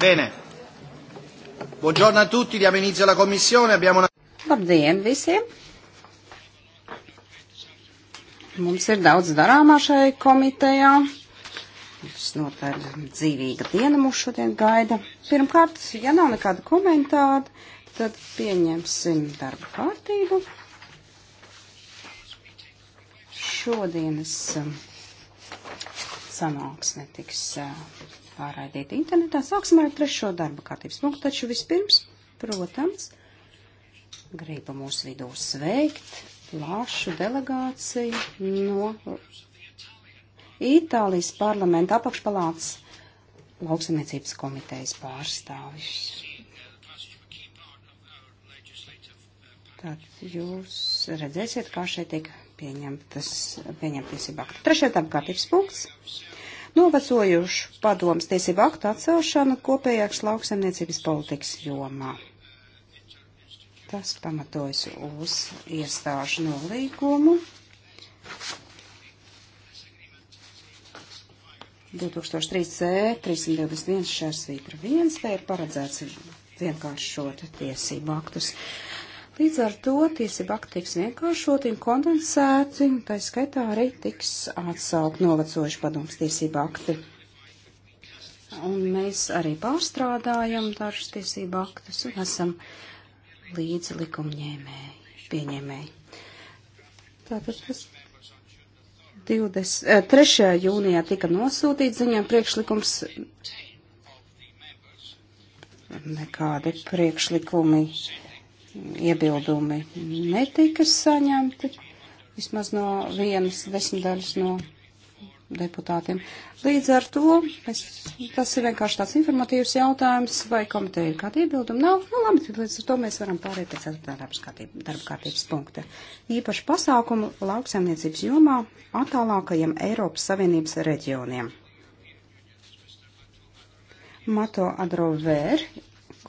Bene. Buongiorno a tutti, diamo inizio alla commissione. Abbiamo una... Labdien visiem! Mums ir daudz darāmā šai komitejā. Mums notaļ dzīvīga diena mūs šodien gaida. Pirmkārt, ja nav nekāda komentāra, tad pieņemsim darba kārtību. Šodienas eh, sanāksme tiks eh, pārraidīt internetā. Sāksim ar trešo darba kārtības punktu, taču vispirms, protams, gribu mūsu vidū sveikt plašu delegāciju no Itālijas parlamenta apakšpalātas lauksamniecības komitejas pārstāvis. Tad jūs redzēsiet, kā šeit tiek pieņemtas, pieņemties ir bakta. Trešajā tam kārtības punkts novecojušu padomas tiesību aktu atcelšanu kopējāks lauksaimniecības politikas jomā. Tas pamatojas uz iestāžu nolīgumu. 2003C 321 šērsvītra 1, te ir paredzēts vienkāršot tiesību aktus. Uh, Līdz ar to tiesību akti tiks vienkāršoti un kondensēti, un tā skaitā arī tiks atsaukt novecojuši padoms tiesību akti. Un mēs arī pārstrādājam dažus tiesību aktus un esam līdzi likumņēmēji, pieņēmēji. Tātad tas 20, 3. Eh, jūnijā tika nosūtīts ziņām priekšlikums. Nekādi priekšlikumi Iebildumi netika saņemti, vismaz no vienas desmitdaļas no deputātiem. Līdz ar to mēs, tas ir vienkārši tāds informatīvs jautājums, vai komiteja ir kāda iebilduma. Nav, nu labi, līdz ar to mēs varam pārēt pēc darba kārtības punkta. Īpaši pasākumu lauksaimniecības jomā attālākajiem Eiropas Savienības reģioniem. Mato Adrover,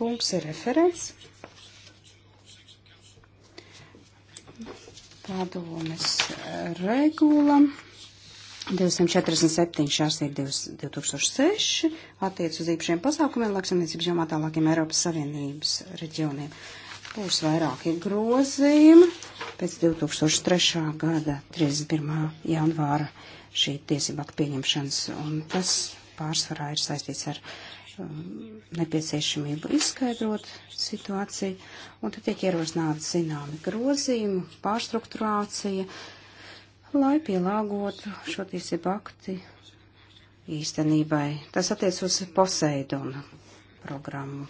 kungs ir referents. padomes eh, regula 247 šās ir 2006 attiec uz īpašiem pasākumiem lauksamniecības jomā tālākiem Eiropas Savienības reģioniem. Būs vairāki grozījumi pēc 2003. gada 31. janvāra šī tiesība pieņemšanas, un tas pārsvarā ir saistīts ar uh, nepieciešamību izskaidrot situāciju, un tad tiek ierosināti zināmi grozījumi, pārstruktūrācija, lai pielāgotu šo tiesību akti īstenībai. Tas attiec uz Poseidona programmu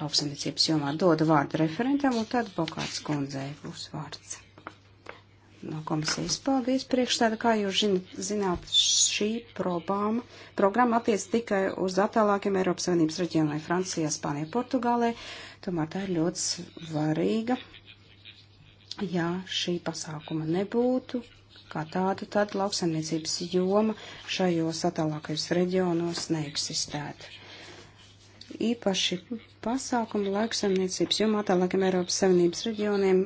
lauksamniecības jomā. Dodu vārdu referentam, un tad Bokārts kundzei būs vārds no komisijas. Paldies, priekšstāda, kā jūs zināt, šī probāma, programma attiec tikai uz attālākiem Eiropas Savienības reģionai - Francijā, Spānijā, Portugālē. Tomēr tā ir ļoti svarīga. Ja šī pasākuma nebūtu kā tāda, tad lauksaimniecības joma šajos attālākajos reģionos neeksistētu. Īpaši pasākumu lauksaimniecības jomā attālākiem Eiropas Savienības reģioniem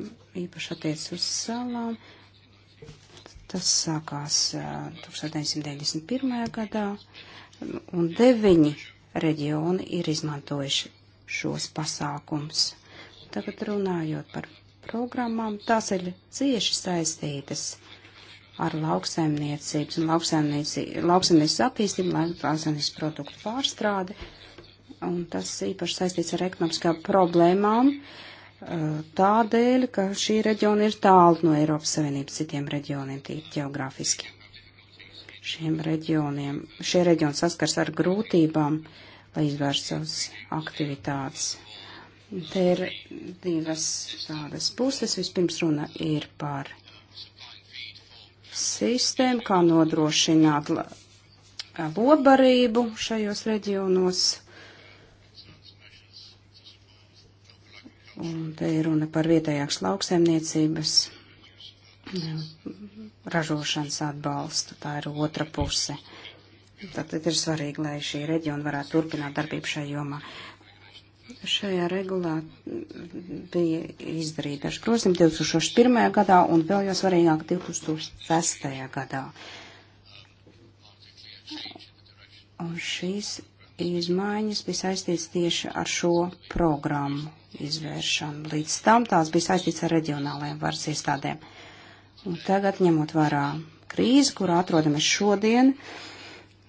īpaši attiec uz salām, Tas sākās 1991. gadā, un deviņi reģioni ir izmantojuši šos pasākums. Tagad runājot par programmām, tās ir cieši saistītas ar lauksaimniecības un lauksaimniecības attīstību, lauksaimniecības produktu pārstrādi, un tas īpaši saistīts ar ekonomiskām problēmām. Uh, tādēļ, ka šī reģiona ir tālu no Eiropas Savienības citiem reģioniem, tīri ģeogrāfiski. Šiem reģioniem, šie reģioni saskars ar grūtībām, lai izvērst savas aktivitātes. Te ir divas tādas puses. Vispirms runa ir par sistēmu, kā nodrošināt lobarību šajos reģionos Un te ir runa par vietējās lauksaimniecības ražošanas atbalstu. Tā ir otra puse. Tātad ir svarīgi, lai šī reģiona varētu turpināt darbību šajā jomā. Šajā regulā bija izdarīta daži grozījumi 2001. gadā un vēl jau svarīgāk 2006. gadā. Un šīs izmaiņas bija saistīts tieši ar šo programmu izvēršanu. Līdz tam tās bija saistīts ar reģionālajiem varas iestādēm. Un tagad, ņemot vērā krīzi, kurā atrodamies šodien,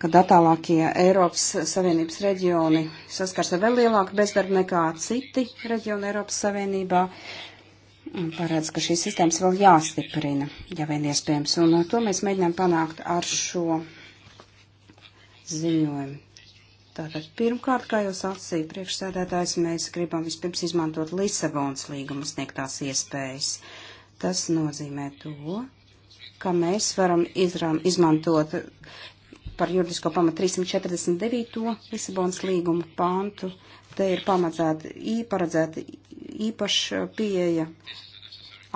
kad attālākie Eiropas Savienības reģioni saskars ar vēl lielāku bezdarbu nekā citi reģioni Eiropas Savienībā, paredz, ka šīs sistēmas vēl jāstiprina, ja vien iespējams. Un to mēs mēģinām panākt ar šo ziņojumu. Tātad pirmkārt, kā jau sacīja priekšsēdētājs, mēs gribam vispirms izmantot Lisabonas līguma sniegtās iespējas. Tas nozīmē to, ka mēs varam izrām, izmantot par juridisko pamatu 349. Lisabonas līguma pantu. Te ir pamazēta īparedzēta īpaša pieeja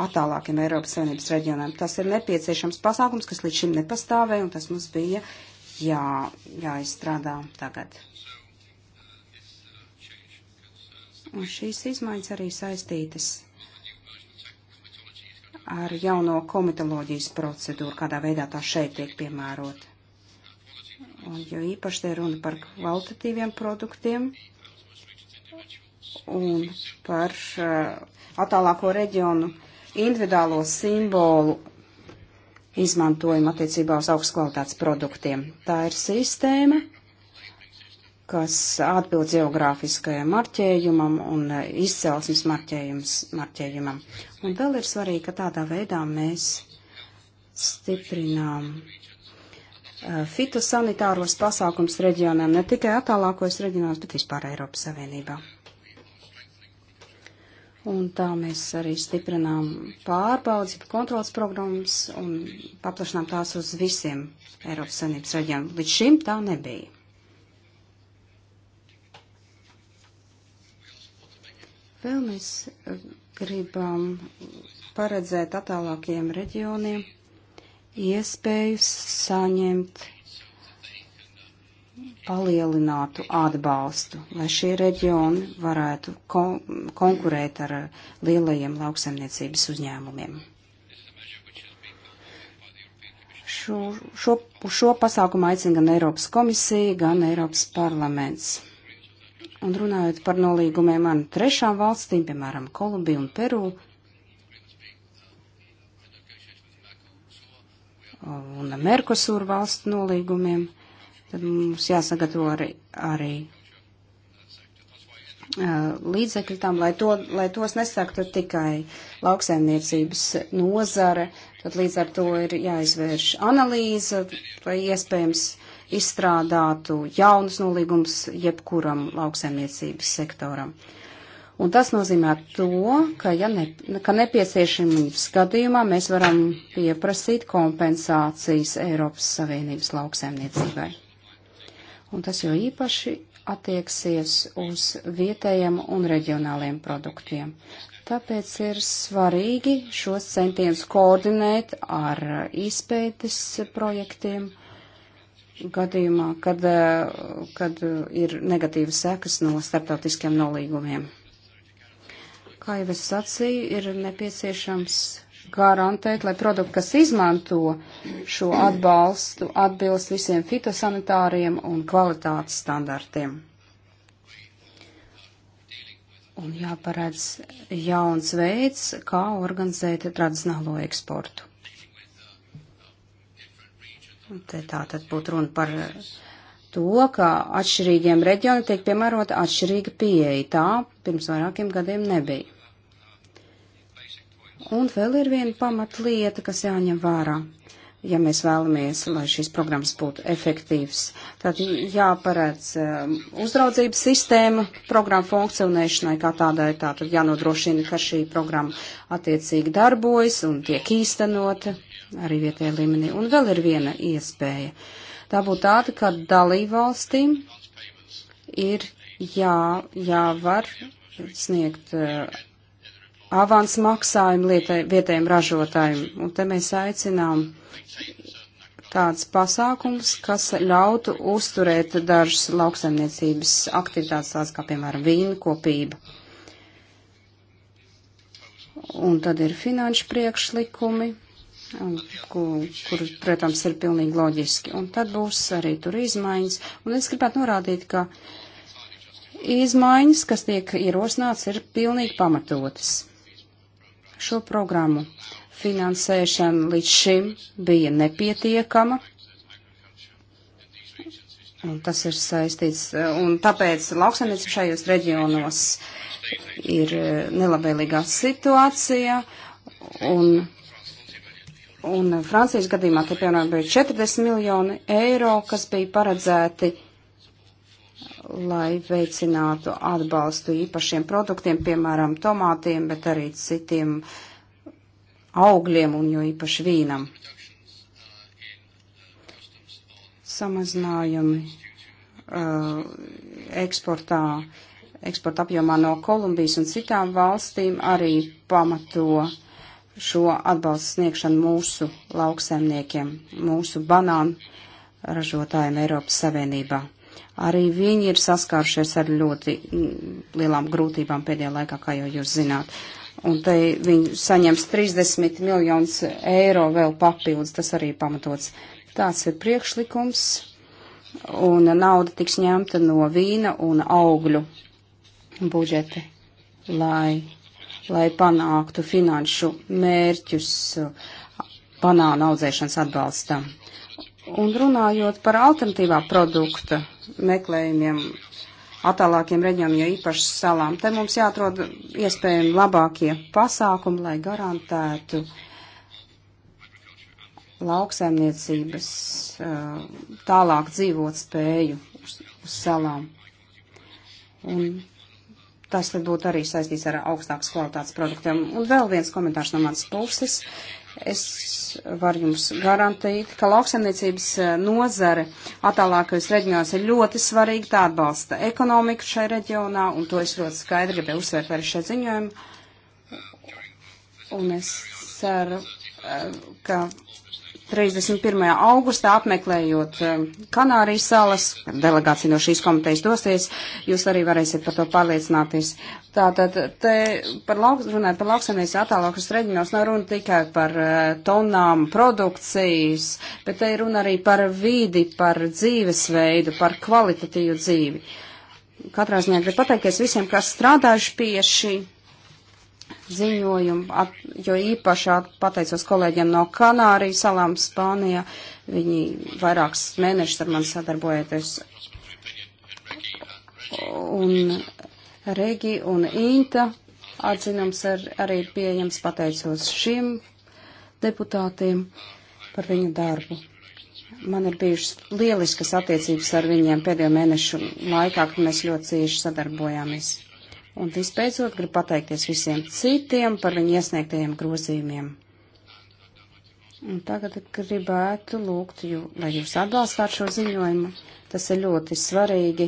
attālākiem Eiropas Savienības reģioniem. Tas ir nepieciešams pasākums, kas līdz šim nepastāvēja, un tas mums bija jā, jāizstrādā tagad. Un šīs izmaiņas arī saistītas ar jauno komitoloģijas procedūru, kādā veidā tā šeit tiek piemērota. Un, jo īpaši te runa par kvalitatīviem produktiem un par uh, attālāko reģionu individuālo simbolu izmantojumu attiecībā uz augstskvalitātes produktiem. Tā ir sistēma, kas atbild geogrāfiskajam marķējumam un izcelsmes marķējumam. Un vēl ir svarīgi, ka tādā veidā mēs stiprinām fitosanitāros pasākums reģioniem, ne tikai attālākos reģionos, bet vispār Eiropas Savienībā. Un tā mēs arī stiprinām pārbaudas, kontrolas programmas un paplašinām tās uz visiem Eiropas Savienības reģioniem. Līdz šim tā nebija. Vēl mēs eh, gribam paredzēt attālākajiem reģioniem iespēju saņemt palielinātu atbalstu, lai šie reģioni varētu kon konkurēt ar lielajiem lauksaimniecības uzņēmumiem. Šo, šo, šo pasākumu aicina gan Eiropas komisija, gan Eiropas parlaments. Un runājot par nolīgumiem ar trešām valstīm, piemēram, Kolumbiju un Peru, un Merkosūru valstu nolīgumiem, tad mums jāsagatavo arī, arī līdzekļi tam, lai, to, lai tos nesaktu tikai lauksaimniecības nozare, tad līdz ar to ir jāizvērš analīze, lai iespējams izstrādātu jaunus nolīgumus jebkuram lauksaimniecības sektoram. Un tas nozīmē to, ka, ja ne, ka nepieciešamības gadījumā mēs varam pieprasīt kompensācijas Eiropas Savienības lauksaimniecībai un tas jau īpaši attieksies uz vietējiem un reģionāliem produktiem. Tāpēc ir svarīgi šos centienus koordinēt ar izpētes projektiem gadījumā, kad, kad ir negatīvas sekas no starptautiskiem nolīgumiem. Kā jau es sacīju, ir nepieciešams garantēt, lai produkti, kas izmanto šo atbalstu, atbilst visiem fitosanitāriem un kvalitātes standartiem. Un jāparedz jauns veids, kā organizēt tradicionālo eksportu. Te tā tad būtu runa par to, ka atšķirīgiem reģioniem tiek piemērota atšķirīga pieeja. Tā pirms vairākiem gadiem nebija. Un vēl ir viena pamatlieta, kas jāņem vērā, ja mēs vēlamies, lai šīs programmas būtu efektīvas. Tad jāparedz um, uzraudzības sistēma programmu funkcionēšanai kā tādai, tātad jānodrošina, ka šī programma attiecīgi darbojas un tiek īstenota arī vietējā līmenī. Un vēl ir viena iespēja. Tā būtu tāda, ka dalībvalstīm ir jā, jāvar sniegt uh, avans maksājumu lietai, vietējiem ražotājiem. Un te mēs aicinām tāds pasākums, kas ļautu uzturēt dažas lauksaimniecības aktivitātes, tās kā piemēram vīnkopība. Un tad ir finanšu priekšlikumi, kur, kur, protams, ir pilnīgi loģiski. Un tad būs arī tur izmaiņas. Un es gribētu norādīt, ka izmaiņas, kas tiek ierosināts, ir pilnīgi pamatotas. Šo programmu finansēšana līdz šim bija nepietiekama. Un tas ir saistīts, un tāpēc lauksaimniecība šajos reģionos ir e, nelabvēlīgā situācija, un, un Francijas gadījumā te piemēram bija 40 miljoni eiro, kas bija paredzēti lai veicinātu atbalstu īpašiem produktiem, piemēram, tomātiem, bet arī citiem augļiem un jo īpaši vīnam. Samazinājumi uh, eksportā, eksporta apjomā no Kolumbijas un citām valstīm arī pamato šo atbalstu sniegšanu mūsu lauksaimniekiem, mūsu banānu ražotājiem Eiropas Savienībā arī viņi ir saskārušies ar ļoti mm, lielām grūtībām pēdējā laikā, kā jau jūs zināt. Un te viņi saņems 30 miljonus eiro vēl papildus, tas arī pamatots. Tāds ir priekšlikums, un nauda tiks ņemta no vīna un augļu budžeta, lai, lai panāktu finanšu mērķus banāna audzēšanas atbalstam. Un runājot par alternatīvā produkta meklējumiem attālākiem reģioniem, jo īpaši salām. Te mums jāatrod iespējami labākie pasākumi, lai garantētu lauksaimniecības uh, tālāk dzīvot spēju uz, uz salām. Un tas tad būtu arī saistīts ar augstākas kvalitātes produktiem. Un vēl viens komentārs no manas puses. Es varu jums garantīt, ka lauksaimniecības eh, nozare attālākajos reģionos ir ļoti svarīga. Tā atbalsta ekonomiku šai reģionā, un to es ļoti skaidri gribēju uzsvērt arī šai ziņojumu. Un es ceru, eh, ka 31. augustā apmeklējot eh, Kanārijas salas, delegācija no šīs komitejas dosies, jūs arī varēsiet par to pārliecināties. Tātad, te par lauks, runājot par lauksaimniecību attālākus reģionos, nav runa tikai par eh, tonām produkcijas, bet te ir runa arī par vīdi, par dzīvesveidu, par kvalitatīvu dzīvi. Katrā ziņā gribu pateikties visiem, kas strādājuši pie šī ziņojumu, at, jo īpaši at, pateicos kolēģiem no Kanāriju salām Spānijā. Viņi vairākus mēnešus ar mani sadarbojoties. Un Regi un Inta atzinums ar, arī ir pieejams pateicos šiem deputātiem par viņu darbu. Man ir bijušas lieliskas attiecības ar viņiem pēdējo mēnešu laikā, kad mēs ļoti cieši sadarbojāmies. Un visbeidzot, gribu pateikties visiem citiem par viņu iesniegtajiem grozījumiem. Un tagad gribētu lūgt, jū, lai jūs atbalstāt šo ziņojumu. Tas ir ļoti svarīgi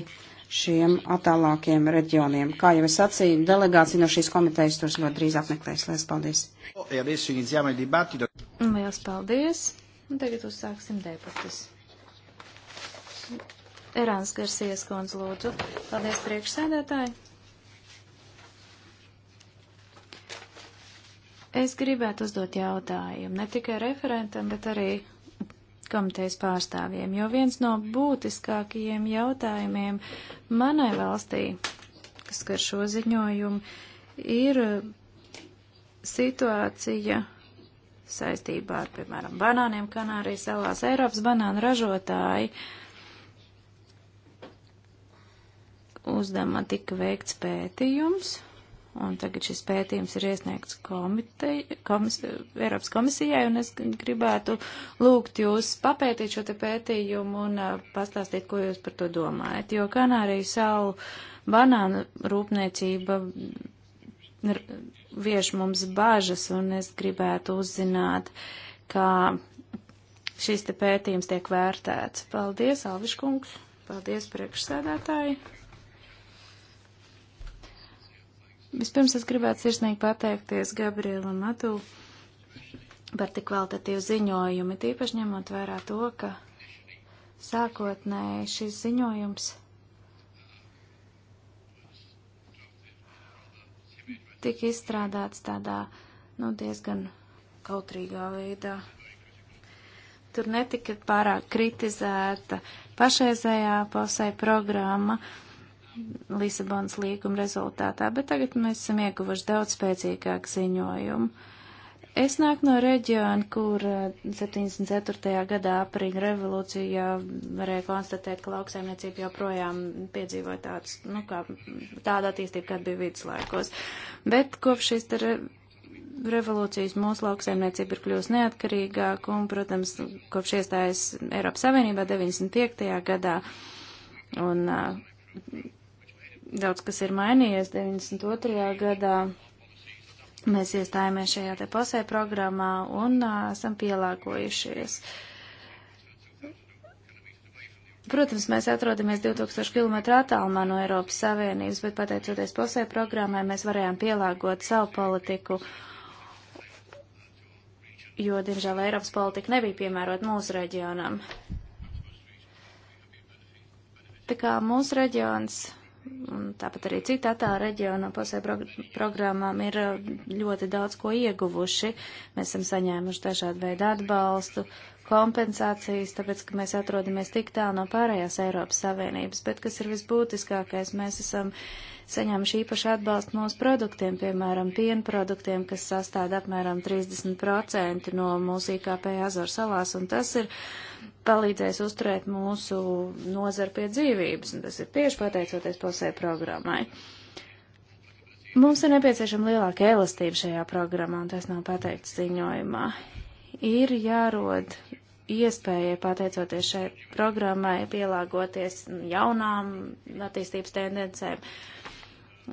šiem attālākiem reģioniem. Kā jau es sacīju, delegācija no šīs komitejas tos ļoti drīz apmeklēs. Lielas paldies! E Lielas paldies! Un tagad uzsāksim debatas. Erāns Garsies, kundz, lūdzu. Paldies, priekšsēdētāji! Es gribētu uzdot jautājumu ne tikai referentam, bet arī komitejas pārstāvjiem, jo viens no būtiskākajiem jautājumiem manai valstī, kas skar šo ziņojumu, ir situācija saistībā ar, piemēram, banāniem Kanārijas salās. Eiropas banānu ražotāji uzdevumā tika veikts pētījums Un tagad šis pētījums ir iesniegts komite, komis, Eiropas komisijai, un es gribētu lūgt jūs papētīt šo te pētījumu un uh, pastāstīt, ko jūs par to domājat. Jo Kanāriju salu banānu rūpniecība vieš mums bažas, un es gribētu uzzināt, kā šis te pētījums tiek vērtēts. Paldies, Alviškungs! Paldies, priekšsēdētāji! Vispirms es gribētu sirsnīgi pateikties Gabrielam Matu par tik kvalitatīvu ziņojumu, tīpaši ņemot vērā to, ka sākotnēji šis ziņojums tika izstrādāts tādā, nu, diezgan kautrīgā veidā. Tur netika pārāk kritizēta pašreizējā posē programma. Uh, Lisabonas līguma rezultātā, bet tagad mēs esam ieguvuši daudz spēcīgāku ziņojumu. Es nāku no reģiona, kur 74. Eh, gadā aprīļa revolūcijā varēja konstatēt, ka lauksaimniecība joprojām piedzīvoja tāds, nu, kā, tāda attīstība, kāda bija viduslaikos. Bet kopš šīs re revolūcijas mūsu lauksaimniecība ir kļūst neatkarīgāk un, protams, kopš iestājas Eiropas Savienībā 95. gadā un uh, daudz kas ir mainījies 92. gadā. Mēs iestājāmies šajā te pasē programmā un uh, esam pielāgojušies. Protams, mēs atrodamies 2000 km attālumā no Eiropas Savienības, bet pateicoties posē programmai, mēs varējām pielāgot savu politiku, jo, diemžēl, Eiropas politika nebija piemērot mūsu reģionam. Tā kā mūsu reģions un tāpat arī citā tā reģiona posē programmām ir uh, ļoti daudz ko ieguvuši. Mēs esam saņēmuši dažādu veidu atbalstu, kompensācijas, tāpēc, ka mēs atrodamies tik tālu no pārējās Eiropas Savienības, bet kas ir visbūtiskākais, mēs esam saņēmuši īpaši atbalstu mūsu produktiem, piemēram, piena produktiem, kas sastāda apmēram 30% no mūsu IKP Azorsalās, un tas ir palīdzēs uzturēt mūsu nozaru pie dzīvības, un tas ir tieši pateicoties posē programmai. Mums ir nepieciešama lielāka elastība šajā programmā, un tas nav pateikts ziņojumā. Ir jārod iespēja, pateicoties šai programmai, pielāgoties jaunām attīstības tendencēm.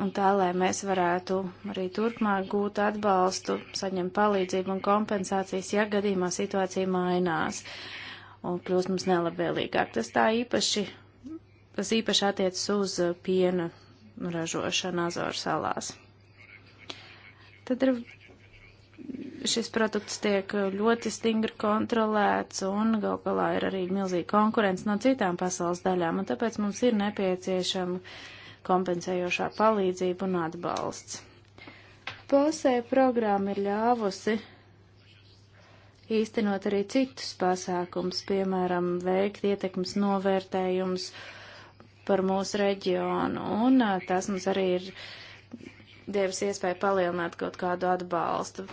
Un tā, lai mēs varētu arī turpmāk gūt atbalstu, saņemt palīdzību un kompensācijas, ja gadījumā situācija mainās. Uh, un kļūst mums nelabvēlīgāk. Tas tā īpaši, tas īpaši attiecas uz piena ražošanu Azoru salās. Tad ir šis produkts tiek ļoti stingri kontrolēts un gal galā ir arī milzīga konkurence no citām pasaules daļām, un tāpēc mums ir nepieciešama kompensējošā palīdzība un atbalsts. Posē programma ir ļāvusi īstenot arī citus pasākums, piemēram, veikt ietekmes novērtējums par mūsu reģionu, un tas mums arī ir devis iespēju palielināt kaut kādu atbalstu,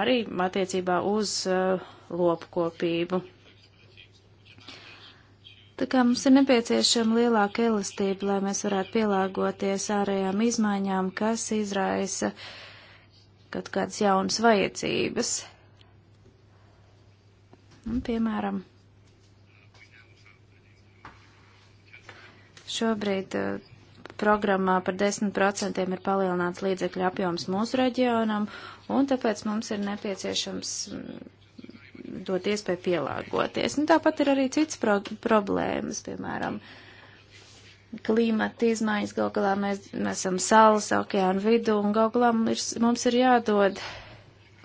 arī attiecībā uz uh, lopkopību. Tā kā mums ir nepieciešama lielāka elastība, lai mēs varētu pielāgoties ārējām izmaiņām, kas izraisa kaut kādas jaunas vajadzības. Un, nu, piemēram, šobrīd uh, programmā par 10% ir palielināts līdzekļu apjoms mūsu reģionam, un tāpēc mums ir nepieciešams mm, dot iespēju pielāgoties. Un nu, tāpat ir arī cits pro problēmas, piemēram, klimata izmaiņas, gal galā mēs, mēs esam salas okeāna vidū, un gal galā mums ir, mums ir jādod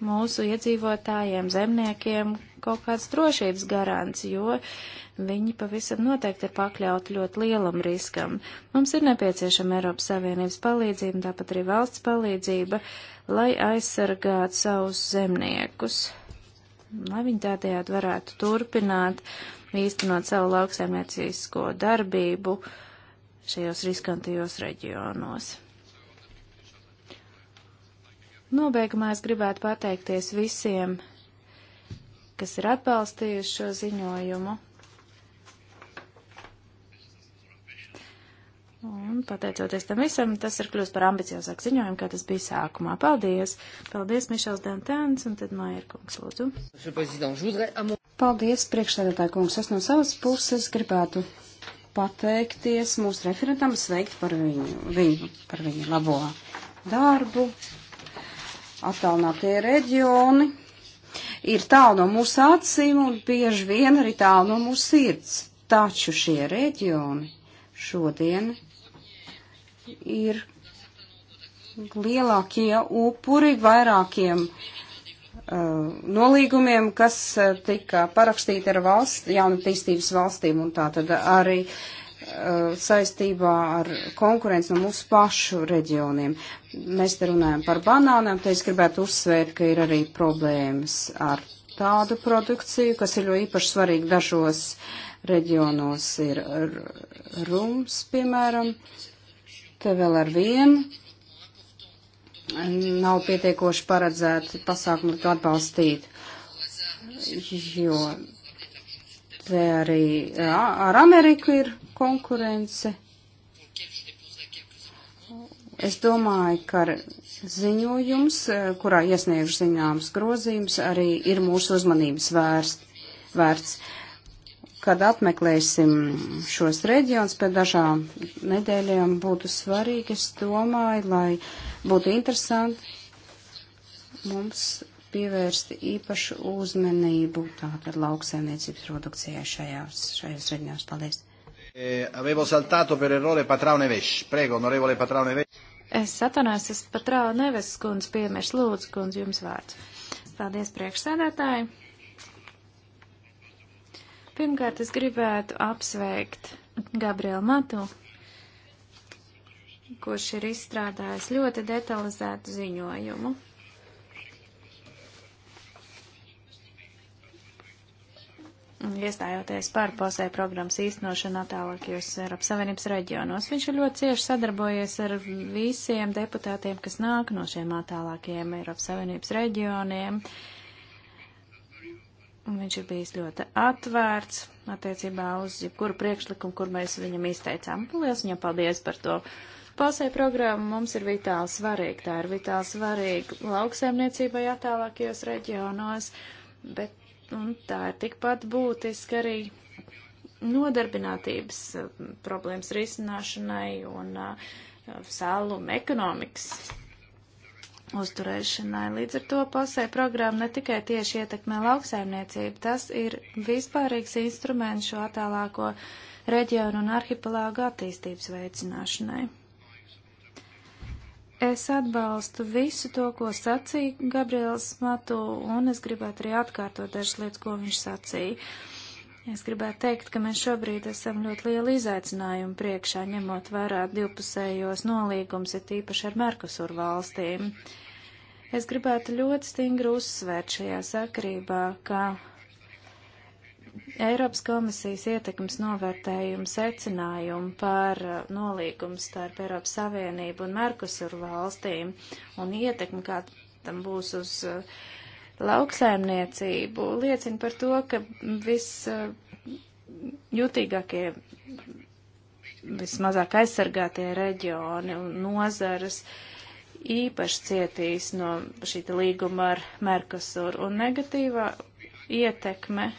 mūsu iedzīvotājiem, zemniekiem kaut kāds drošības garants, jo viņi pavisam noteikti ir pakļauti ļoti lielam riskam. Mums ir nepieciešama Eiropas Savienības palīdzība, tāpat arī valsts palīdzība, lai aizsargātu savus zemniekus, lai viņi tādējādi varētu turpināt īstenot savu lauksaimniecisko darbību šajos riskantajos reģionos. Nobeigumā es gribētu pateikties visiem kas ir atbalstījuši šo ziņojumu. Un pateicoties tam visam, tas ir kļūst par ambiciozāku ziņojumu, kā tas bija sākumā. Paldies! Paldies, Mišels Dantēns, un tad Maier kungs, lūdzu. Paldies, priekšsēdētāji kungs. Es no savas puses gribētu pateikties mūsu referentam, sveikt par viņu, viņu, par viņu labo darbu. Attālinātie reģioni ir tālu no mūsu acīm un bieži vien arī tālu no mūsu sirds. Taču šie reģioni šodien ir lielākie upuri vairākiem uh, nolīgumiem, kas uh, tika parakstīti ar valsts, jaunatīstības valstīm un tā tad arī uh, Uh, saistībā ar konkurenci no mūsu pašu reģioniem. Mēs te runājam par banānām, te es gribētu uzsvērt, ka ir arī problēmas ar tādu produkciju, kas ir ļoti īpaši svarīga dažos reģionos. Ir rums, piemēram, te vēl ar vienu. Nav pietiekoši paredzēti pasākumi, ko atbalstīt, jo Te arī ar Ameriku ir konkurence. Es domāju, ka ziņojums, kurā iesniegšu zināmas grozījums, arī ir mūsu uzmanības vērst, vērts. Kad apmeklēsim šos reģionus pēc dažām nedēļām, būtu svarīgi, es domāju, lai būtu interesanti mums pievērst īpašu uzmanību tātad lauksaimniecības produkcijai šajās, šajās reģionās. Paldies! Eh, avevo saltato per errore Patrao Neves. Prego, onorevole Patrao Neves. Es atvainojos, es Patrao Neves kundz piemirs. Lūdzu, kundz, jums vārds. Paldies, priekšsēdētāji. Pirmkārt, es gribētu apsveikt Gabrielu Matu, kurš ir izstrādājis ļoti detalizētu ziņojumu. iestājoties par posē programmas īstenošanu attālākajos Eiropas Savienības reģionos. Viņš ir ļoti cieši sadarbojies ar visiem deputātiem, kas nāk no šiem attālākajiem Eiropas Savienības reģioniem. Un viņš ir bijis ļoti atvērts attiecībā uz jebkuru priekšlikumu, kur mēs viņam izteicām. Lielas viņam paldies par to. Pasē programma mums ir vitāli svarīga. Tā ir vitāli svarīga lauksaimniecībai attālākajos reģionos, bet Un tā ir tikpat būtiska arī nodarbinātības eh, problēmas risināšanai un uh, eh, salu ekonomikas uzturēšanai. Līdz ar to pasē programma ne tikai tieši ietekmē lauksaimniecību, tas ir vispārīgs instruments šo attālāko reģionu un arhipelāgu attīstības veicināšanai. Es atbalstu visu to, ko sacīja Gabriels Matu, un es gribētu arī atkārtot dažas lietas, ko viņš sacīja. Es gribētu teikt, ka mēs šobrīd esam ļoti lielu izaicinājumu priekšā, ņemot vērā divpusējos nolīgums, ir tīpaši ar Merkusur valstīm. Es gribētu ļoti stingri uzsvērt šajā sakarībā, ka Eiropas komisijas ietekmes novērtējumu secinājumu par uh, nolīgumu starp Eiropas Savienību un Merkusuru valstīm un ietekmi, kā tam būs uz uh, lauksaimniecību, liecina par to, ka viss uh, jutīgākie, vismazāk aizsargātie reģioni un nozaras īpaši cietīs no šīta līguma ar Merkusuru un negatīvā ietekme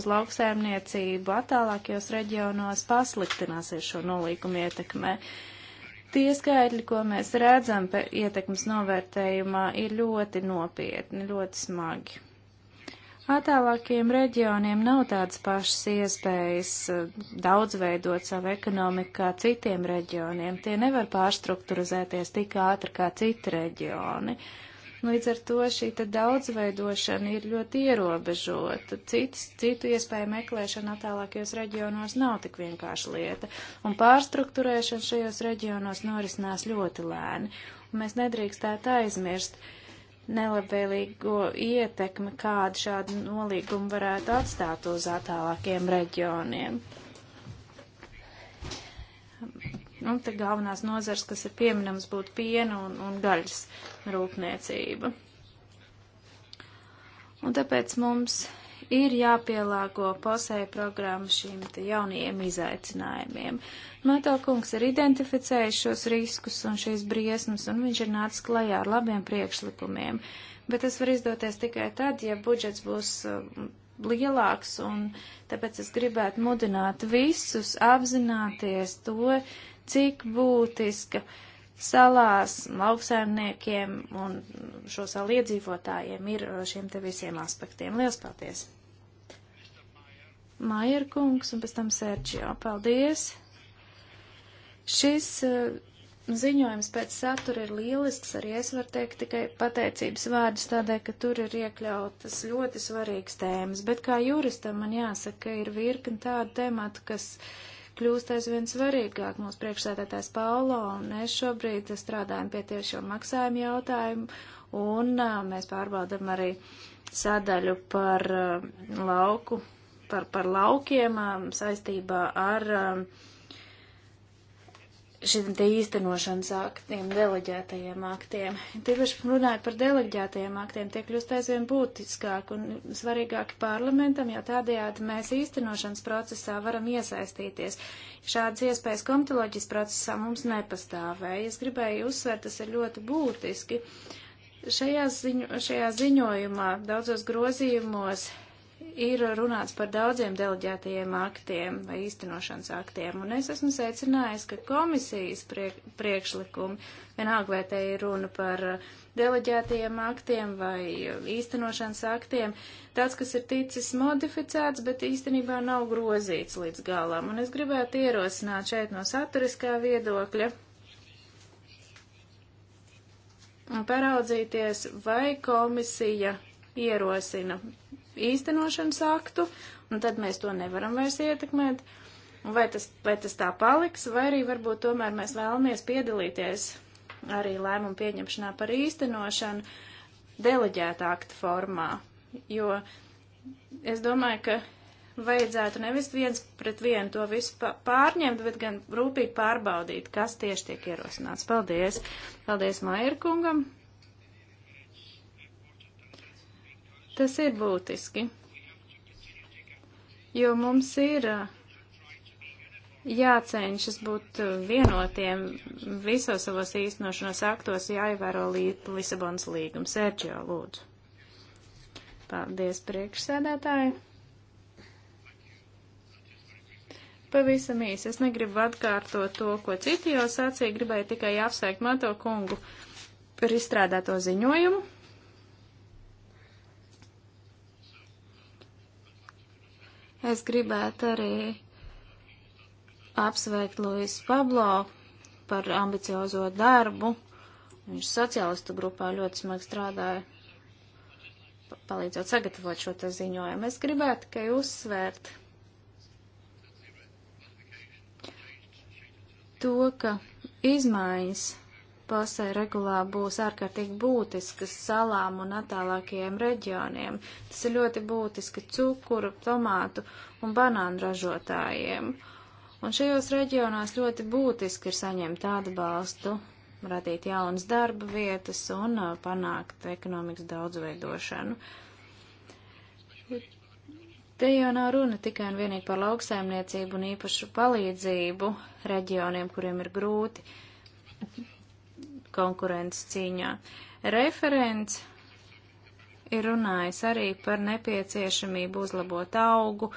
uz lauksēmniecību attālākajos reģionos pasliktināsies šo nolīkumu ietekmē. Tie skaitļi, ko mēs redzam ietekmes novērtējumā, ir ļoti nopietni, ļoti smagi. Attālākiem reģioniem nav tādas pašas iespējas eh, daudz veidot savu ekonomiku kā citiem reģioniem. Tie nevar pārstrukturizēties tik ātri kā citi reģioni. Uh, Nu, līdz ar to šī daudzveidošana ir ļoti ierobežota. Cits, citu iespēju meklēšana attālākajos reģionos nav tik vienkārša lieta, un pārstruktūrēšana šajos reģionos norisinās ļoti lēni. Un mēs nedrīkstētu aizmirst nelabvēlīgo ietekmi, kādu šādu nolīgumu varētu atstāt uz attālākiem reģioniem. Nu, te galvenās nozars, kas ir pieminams, būtu piena un, un gaļas rūpniecība. Un tāpēc mums ir jāpielāgo posēja programma šīm jaunajiem izaicinājumiem. Mato kungs ir identificējis šos riskus un šīs briesmas, un viņš ir nācis klajā ar labiem priekšlikumiem. Bet tas var izdoties tikai tad, ja budžets būs uh, lielāks, un tāpēc es gribētu mudināt visus apzināties to, cik būtiska salās lauksaimniekiem un šo salu iedzīvotājiem ir šiem te visiem aspektiem. Lielas paldies! Maier kungs un pēc tam Sergio. Paldies! Šis eh, ziņojums pēc satura ir lielisks, arī es varu teikt tikai pateicības vārdus tādēļ, ka tur ir iekļautas ļoti svarīgas tēmas, bet kā juristam man jāsaka, ir virkni tādu tematu, kas. Uh, kļūst aizvien svarīgāk. Mūsu priekšsēdētājs Paulo un es šobrīd strādājam pie tiešo maksājumu jautājumu, un mēs pārbaudam arī sadaļu par lauku, par, par laukiem saistībā ar šiem te īstenošanas aktiem, deleģētajiem aktiem. Tīpaši runājot par deleģētajiem aktiem, tie kļūst aizvien būtiskāk un svarīgāk parlamentam, jo tādējādi mēs īstenošanas procesā varam iesaistīties. Šādas iespējas komitoloģijas procesā mums nepastāvēja. Es gribēju uzsvērt, tas ir ļoti būtiski. Šajā, ziņo, šajā ziņojumā daudzos grozījumos ir runāts par daudziem deleģētajiem aktiem vai īstenošanas aktiem, un es esmu secinājis, ka komisijas priek priekšlikumi, vienalga vai te ir runa par uh, deleģētajiem aktiem vai uh, īstenošanas aktiem, tāds, kas ir ticis modificēts, bet īstenībā nav grozīts līdz galam, un es gribētu ierosināt šeit no saturiskā viedokļa un paraudzīties, vai komisija ierosina īstenošanas aktu, un tad mēs to nevaram vairs ietekmēt. Vai tas, vai tas tā paliks, vai arī varbūt tomēr mēs vēlamies piedalīties arī lēmumu pieņemšanā par īstenošanu deleģēta akta formā. Jo es domāju, ka vajadzētu nevis viens pret vienu to visu pārņemt, bet gan rūpīgi pārbaudīt, kas tieši tiek ierosināts. Paldies! Paldies Mairkungam! Tas ir būtiski, jo mums ir uh, jācenšas būt uh, vienotiem visos savos īstenošanas aktos, jāievēro Lisabonas līgums. Sergio, lūdzu. Paldies, priekšsēdētāji. pavisam īsi. Es negribu atkārtot to, ko citi jau sacīja, gribēju tikai apsveikt Mato kungu par izstrādāto ziņojumu. Es gribētu arī apsveikt Luisu Pablo par ambiciozo darbu. Viņš sociālistu grupā ļoti smagi strādāja, palīdzot sagatavot šo te ziņojumu. Es gribētu tikai uzsvērt to, ka izmaiņas pasē regulā būs ārkārtīgi būtiskas salām un attālākajiem reģioniem. Tas ir ļoti būtiski cukuru, tomātu un banānu ražotājiem. Un šajos reģionās ļoti būtiski ir saņemt atbalstu, radīt jaunas darba vietas un uh, panākt ekonomikas daudzveidošanu. Te jau nav runa tikai un vienīgi par lauksaimniecību un īpašu palīdzību reģioniem, kuriem ir grūti konkurences cīņā. Referents ir runājis arī par nepieciešamību uzlabot augu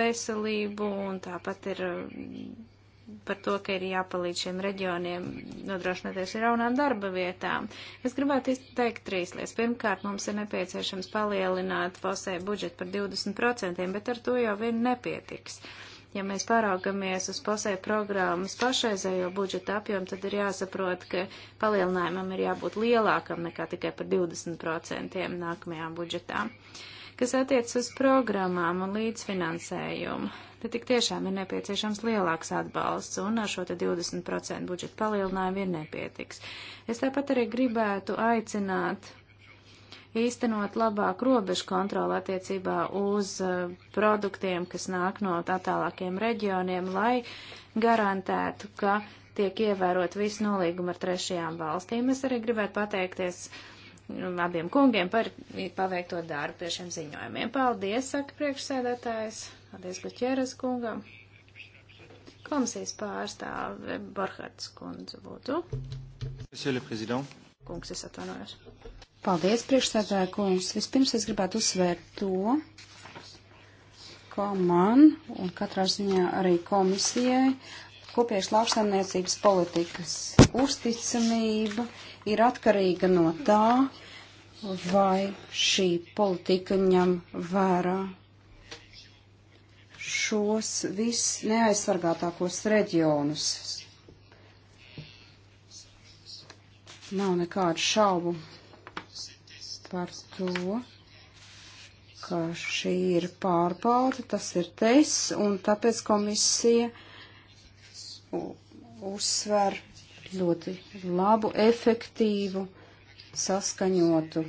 veselību un tāpat ir par to, ka ir jāpalīdz šiem reģioniem nodrošināties ar jaunām darba vietām. Es gribētu izteikt trīs lietas. Pirmkārt, mums ir nepieciešams palielināt fosē budžetu par 20%, bet ar to jau vien nepietiks. Uh, ja mēs paraugamies uz posēju programmas pašreizējo budžeta apjomu, tad ir jāsaprot, ka palielinājumam ir jābūt lielākam nekā tikai par 20% nākamajā budžetā. Kas attiec uz programmām un līdzfinansējumu, tad tik tiešām ir nepieciešams lielāks atbalsts, un ar šo te 20% budžeta palielinājumu ir nepietiks. Es tāpat arī gribētu aicināt īstenot labāk robežu kontroli attiecībā uz eh, produktiem, kas nāk no tā tālākiem reģioniem, lai garantētu, ka tiek ievērot visu nolīgumu ar trešajām valstīm. Es arī gribētu pateikties mm, abiem kungiem par paveikto darbu pie šiem ziņojumiem. Paldies, saka priekšsēdētājs. Paldies, Guķeras kungam. Komisijas pārstāve Borhards kundze, lūdzu. Kungs, es atvainojos. Paldies, priekšsēdētāja kungs. Vispirms es gribētu uzsvērt to, ka man un katrā ziņā arī komisijai kopiešu lauksaimniecības politikas uzticamība ir atkarīga no tā, vai šī politika ņem vērā šos visneaizsargātākos reģionus. Nav nekādu šaubu par to, ka šī ir pārbauda, tas ir tests, un tāpēc komisija uzsver ļoti labu, efektīvu, saskaņotu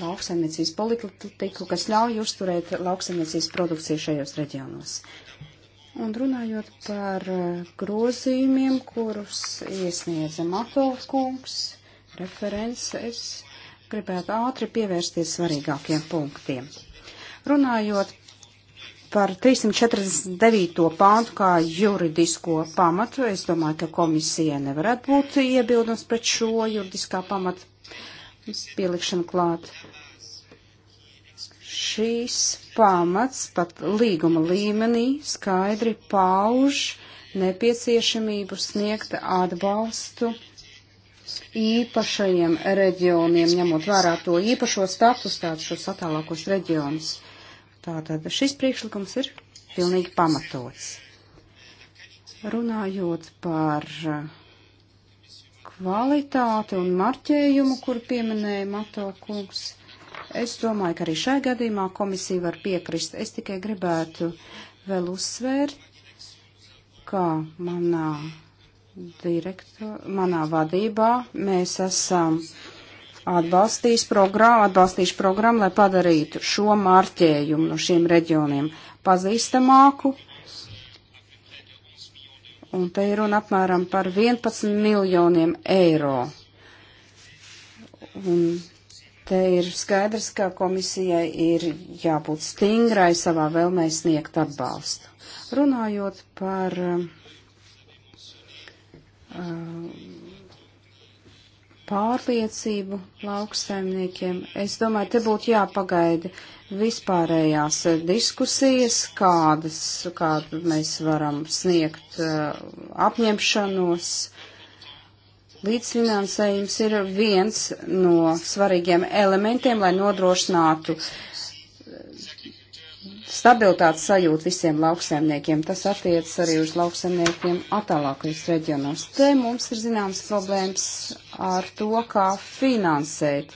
lauksaimniecības politiku, kas ļauj uzturēt lauksaimniecības produkciju šajos reģionos. Un runājot par e, grozījumiem, kurus iesniedza Matovkungs, references, gribētu ātri pievērsties svarīgākiem punktiem. Runājot par 349. pāntu kā juridisko pamatu, es domāju, ka komisija nevarētu būt iebildums pret šo juridiskā pamata pielikšanu klāt. Šīs pamats pat līguma līmenī skaidri pauž nepieciešamību sniegt atbalstu īpašajiem reģioniem, ņemot vērā to īpašo status, tādus šos attālākos reģionus. Tātad šis priekšlikums ir pilnīgi pamatots. Runājot par eh, kvalitāti un marķējumu, kur pieminēja Mato kungs, es domāju, ka arī šai gadījumā komisija var piekrist. Es tikai gribētu vēl uzsvērt, kā manā direktora, manā vadībā mēs esam atbalstījis programmu, atbalstījuši programmu, lai padarītu šo mārķējumu no šiem reģioniem pazīstamāku. Un te ir runa apmēram par 11 miljoniem eiro. Un te ir skaidrs, ka komisijai ir jābūt stingrai savā vēlmē sniegt atbalstu. Runājot par uh, pārliecību lauksaimniekiem. Es domāju, te būtu jāpagaida vispārējās diskusijas, kādas, kādu mēs varam sniegt eh, apņemšanos. Līdzfinansējums ir viens no svarīgiem elementiem, lai nodrošinātu uh, stabilitātes sajūtu visiem lauksaimniekiem. Tas attiec arī uz lauksaimniekiem attālākajos reģionos. Te mums ir zināmas problēmas ar to, kā finansēt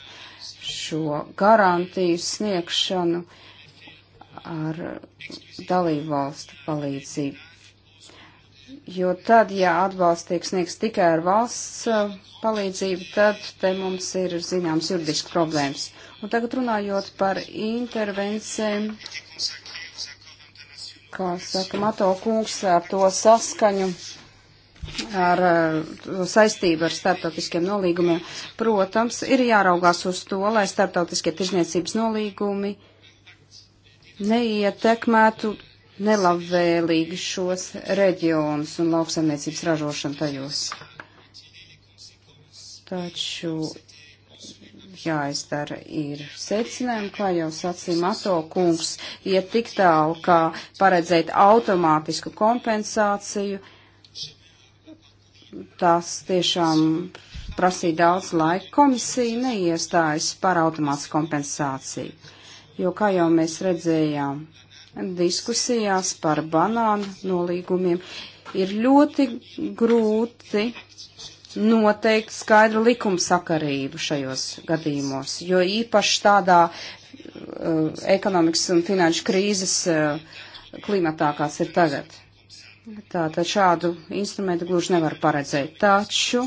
šo garantiju sniegšanu ar dalību valstu palīdzību. Jo tad, ja atbalsts tiek sniegs tikai ar valsts uh, palīdzību, tad te mums ir zināms juridisks problēmas. Un tagad runājot par intervencēm kā saka Mato kungs, ar to saskaņu, ar to saistību ar starptautiskiem nolīgumiem. Protams, ir jāraugās uz to, lai starptautiskie tirzniecības nolīgumi neietekmētu nelabvēlīgi šos reģionus un lauksaimniecības ražošanu tajos. Taču jāizdara, ir secinājumi, kā jau sacīja Mato kungs, iet tik tālu, kā paredzēt automātisku kompensāciju. Tas tiešām prasīja daudz laika. Komisija neiestājas par automātisku kompensāciju, jo, kā jau mēs redzējām, diskusijās par banānu nolīgumiem ir ļoti grūti noteikt skaidru likumsakarību šajos gadījumos, jo īpaši tādā uh, ekonomikas un finanšu krīzes uh, klimatā, kāds ir tagad. Tātad šādu instrumentu gluži nevar paredzēt. Taču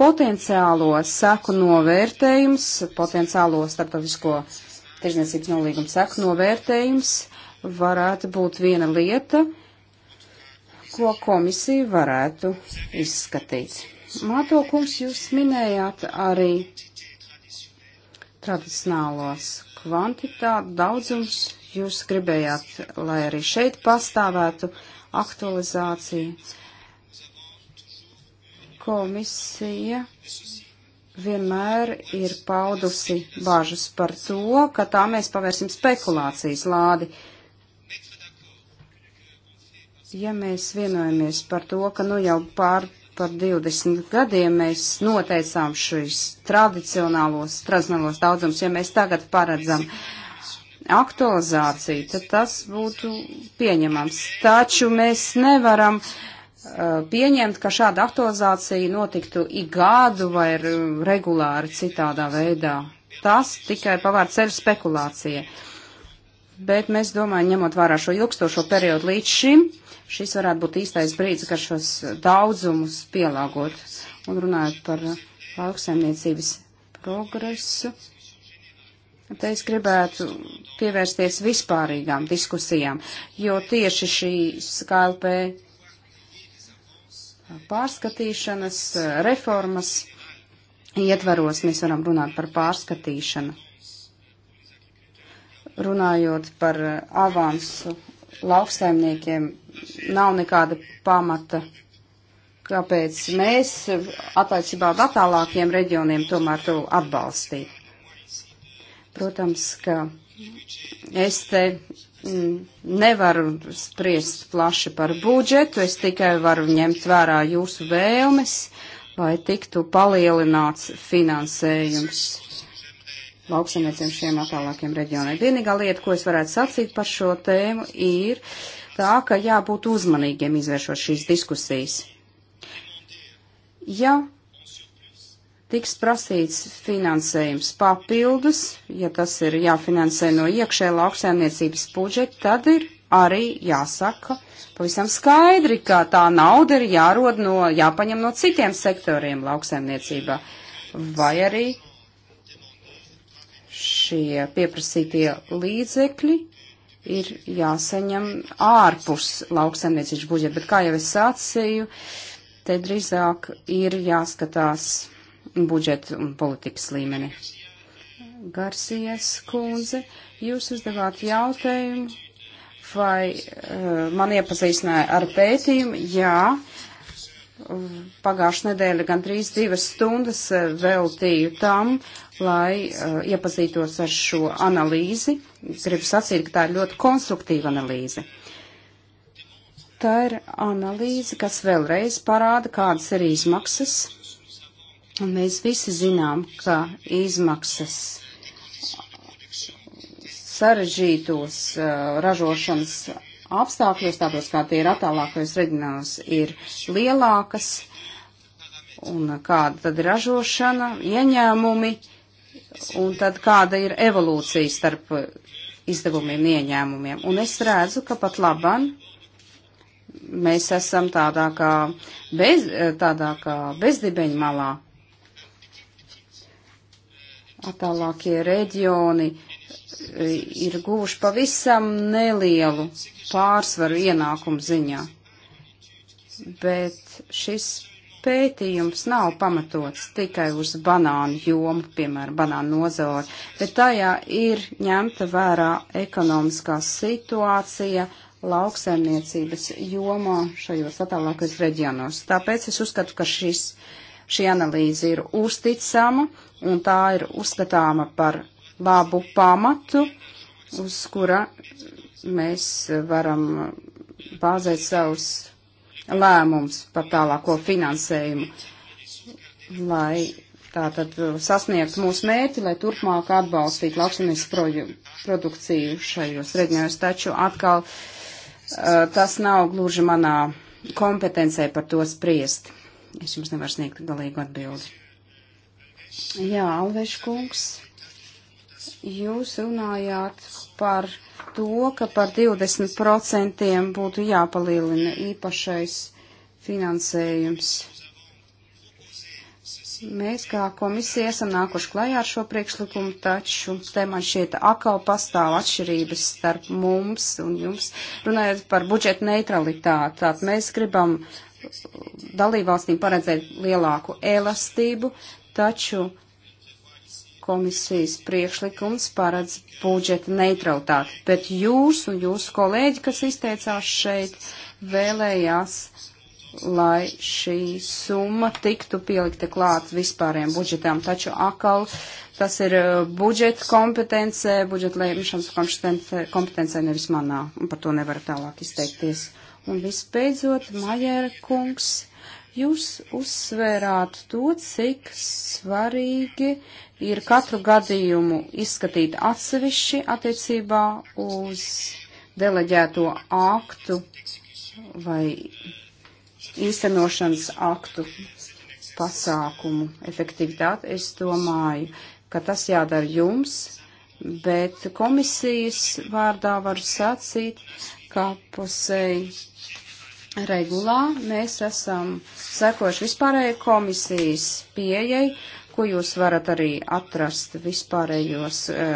potenciālo seku novērtējums, potenciālo starptautisko tirzniecības nolīgumu seku novērtējums varētu būt viena lieta, ko komisija varētu izskatīt. Māto kungs, jūs minējāt arī tradicionālos kvantitātu daudzums. Jūs gribējāt, lai arī šeit pastāvētu aktualizācija. Komisija vienmēr ir paudusi bažas par to, ka tā mēs pavērsim spekulācijas lādi. Ja mēs vienojamies par to, ka nu jau pār par 20 gadiem mēs noteicām šīs tradicionālos, tradicionālos daudzums. Ja mēs tagad paredzam aktualizāciju, tad tas būtu pieņemams. Taču mēs nevaram uh, pieņemt, ka šāda aktualizācija notiktu ik gadu vai regulāri citādā veidā. Tas tikai pavār ceļu spekulācija. Bet mēs domājam, ņemot vērā šo ilgstošo periodu līdz šim, uh, šis varētu būt īstais brīdis, kad šos daudzumus pielāgot. Un runājot par lauksaimniecības progresu, te es gribētu pievērsties vispārīgām diskusijām, jo tieši šīs KLP pārskatīšanas reformas ietvaros mēs varam runāt par pārskatīšanu runājot par avansu lauksaimniekiem, nav nekāda pamata, kāpēc mēs attiecībā uz attālākiem reģioniem tomēr to atbalstīt. Protams, ka es te mm, nevaru spriest plaši par budžetu, es tikai varu ņemt vērā jūsu vēlmes, lai tiktu palielināts finansējums lauksanieciem šiem attālākiem reģioniem. Vienīgā lieta, ko es varētu sacīt par šo tēmu, ir, uh, tā, ka jābūt uzmanīgiem izvēršot šīs diskusijas. Ja tiks prasīts finansējums papildus, ja tas ir jāfinansē no iekšē lauksēmniecības budžeta, tad ir arī jāsaka pavisam skaidri, ka tā nauda ir jārod no, jāpaņem no citiem sektoriem lauksēmniecībā. Vai arī šie pieprasītie līdzekļi ir jāsaņem ārpus lauksaimniecības budžeta, bet kā jau es sacīju, te drīzāk ir jāskatās budžeta un politikas līmeni. Garsies kundze, jūs uzdevāt jautājumu, vai uh, man iepazīstināja ar pētījumu? Jā, uh, pagājušā nedēļa gandrīz divas stundas eh, veltīju tam, lai uh, iepazītos ar šo analīzi. Gribu sacīt, ka tā ir ļoti konstruktīva analīze. Tā ir analīze, kas vēlreiz parāda, kādas ir izmaksas. Un mēs visi zinām, ka izmaksas sarežģītos uh, ražošanas apstākļos, tādos kā tie ir attālākajos reģionos, ir lielākas, un kāda tad ir ražošana, ieņēmumi, un tad kāda ir evolūcija starp izdevumiem un ieņēmumiem. Un es redzu, ka pat laban mēs esam tādā kā, bez, tādā kā bezdibeņu malā. Attālākie reģioni e, ir guvuši pavisam nelielu pārsvaru ienākumu ziņā. Bet šis pētījums nav pamatots tikai uz banānu jomu, piemēram, banānu nozori, bet tajā ir ņemta vērā ekonomiskā situācija lauksaimniecības jomā šajos attālākajos reģionos. Tāpēc es uzskatu, ka šis, šī analīze ir uzticama un tā ir uzskatāma par labu pamatu, uz kura mēs varam bāzēt savus lēmums par tālāko finansējumu, lai tātad sasniegtu mūsu mērķi, lai turpmāk atbalstītu lauksimniecības produkciju šajos reģionos. Taču atkal tas nav gluži manā kompetencē par to spriest. Es jums nevaru sniegt galīgu atbildi. Jā, Alveš kungs, jūs runājāt par to, ka par 20% būtu jāpalielina īpašais finansējums. Mēs kā komisija esam nākuši klajā ar šo priekšlikumu, taču te man šķiet atkal pastāv atšķirības starp mums un jums, runājot par budžeta neutralitāti. Tātad mēs gribam dalībvalstīm paredzēt lielāku elastību, taču uh, komisijas priekšlikums paredz budžeta neutralitāti, bet jūs un jūsu kolēģi, kas izteicās šeit, vēlējās, lai šī summa tiktu pielikta klāt vispārējiem budžetām, taču akal tas ir uh, budžeta kompetencē, budžeta lēmšanas kompetencē nevis manā, un par to nevar tālāk izteikties. Un vispēdzot, Majēra kungs Jūs uzsvērāt to, cik svarīgi ir katru gadījumu izskatīt atsevišķi attiecībā uz deleģēto aktu vai īstenošanas aktu pasākumu efektivitāti. Es domāju, ka tas jādara jums, bet komisijas vārdā var sacīt, ka pusēji regulā mēs esam sekojuši vispārējai komisijas pieejai, ko jūs varat arī atrast vispārējos e,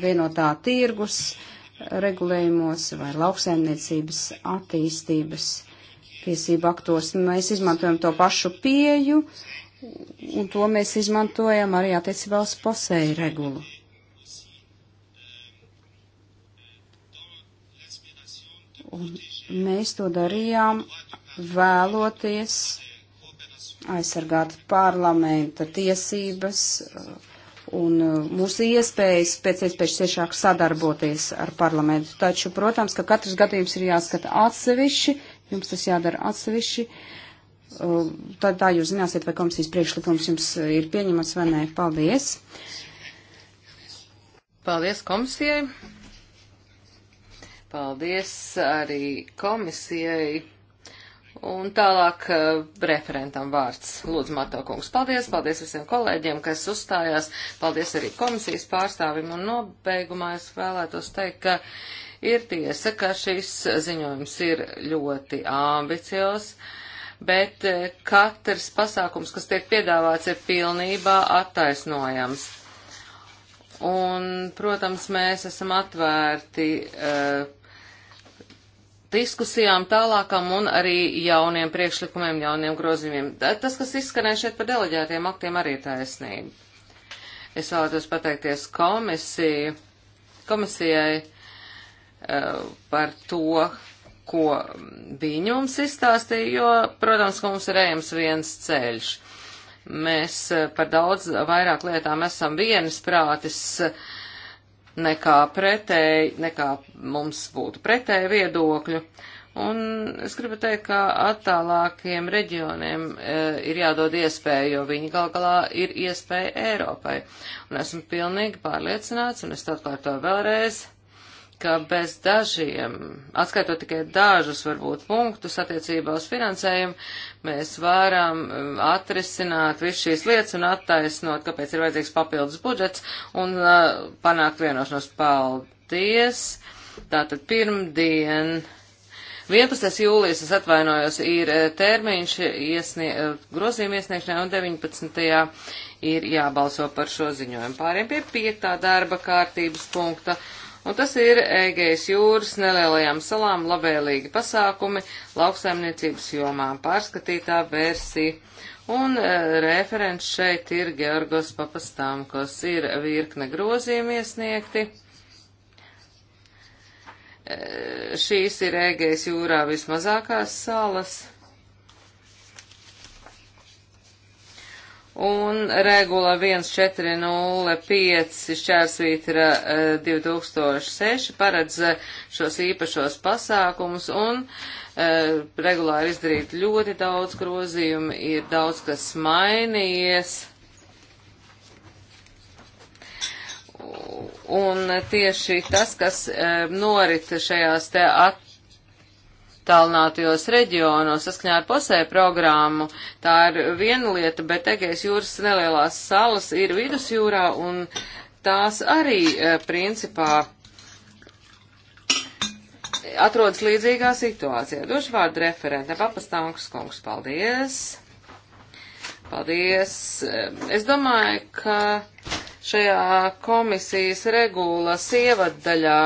vienotā tirgus regulējumos vai lauksaimniecības attīstības tiesību aktos. Mēs izmantojam to pašu pieju, un to mēs izmantojam arī attiecībā uz posēju regulu. Un Mēs to darījām vēloties aizsargāt parlamenta tiesības uh, un uh, mūsu iespējas pēc iespējas ciešāk sadarboties ar parlamentu. Taču, protams, ka katrs gadījums ir jāskata atsevišķi, jums tas jādara atsevišķi. Uh, tad tā jūs zināsiet, vai komisijas priekšlikums jums ir pieņemams vai nē. Paldies! Paldies komisijai! Paldies arī komisijai. Un tālāk uh, referentam vārds. Lūdzu, Mato kungs, paldies, paldies visiem kolēģiem, kas uzstājās, paldies arī komisijas pārstāvim. Un nobeigumā es vēlētos teikt, ka ir tiesa, ka šis ziņojums ir ļoti ambicios, bet eh, katrs pasākums, kas tiek piedāvāts, ir pilnībā attaisnojams. Un, protams, mēs esam atvērti. Uh, diskusijām tālākam un arī jauniem priekšlikumiem, jauniem grozījumiem. Tas, kas izskanēja šeit par deleģētiem aktiem, arī ir taisnība. Es vēlētos pateikties komisiju, komisijai uh, par to, ko viņi mums izstāstīja, jo, protams, ka mums ir ejams viens ceļš. Mēs eh, par daudz vairāk lietām esam vienas prātis. Uh, nekā pretēji, nekā mums būtu pretēji viedokļu. Un es gribu teikt, ka attālākiem reģioniem e, ir jādod iespēju, jo viņi gal galā ir iespēja Eiropai. Un esmu pilnīgi pārliecināts, un es atkārtoju vēlreiz, ka bez dažiem, atskaitot tikai dažus varbūt punktus attiecībā uz finansējumu, mēs varam um, atrisināt visu šīs lietas un attaisnot, kāpēc ir vajadzīgs papildus budžets un uh, panākt vienošanos. Paldies! Tātad pirmdien. 11. jūlijas, es atvainojos, ir uh, termiņš iesnie, uh, grozījuma iesniegšanai un 19. ir jābalso par šo ziņojumu. Pāriem pie 5. darba kārtības punkta un tas ir Ēgejas jūras nelielajām salām labvēlīgi pasākumi lauksaimniecības jomā pārskatītā versija. Un e, referents šeit ir Georgos Papastām, kas ir virkne grozījumi iesniegti. E, šīs ir Ēgejas jūrā vismazākās salas. un regula 1405 šķērsvītra 2006 eh, paredz eh, šos īpašos pasākumus un uh, regulāri izdarīt ļoti daudz grozījumu, ir daudz kas mainījies. Un tieši tas, kas uh, norit šajās te at attālinātajos reģionos, saskaņā ar posē programmu. Tā ir viena lieta, bet Egejas jūras nelielās salas ir vidusjūrā un tās arī e, principā atrodas līdzīgā situācijā. Došu vārdu referentam, papastāvkungs, kungs, paldies! Paldies! E, es domāju, ka šajā komisijas regulas ievaddaļā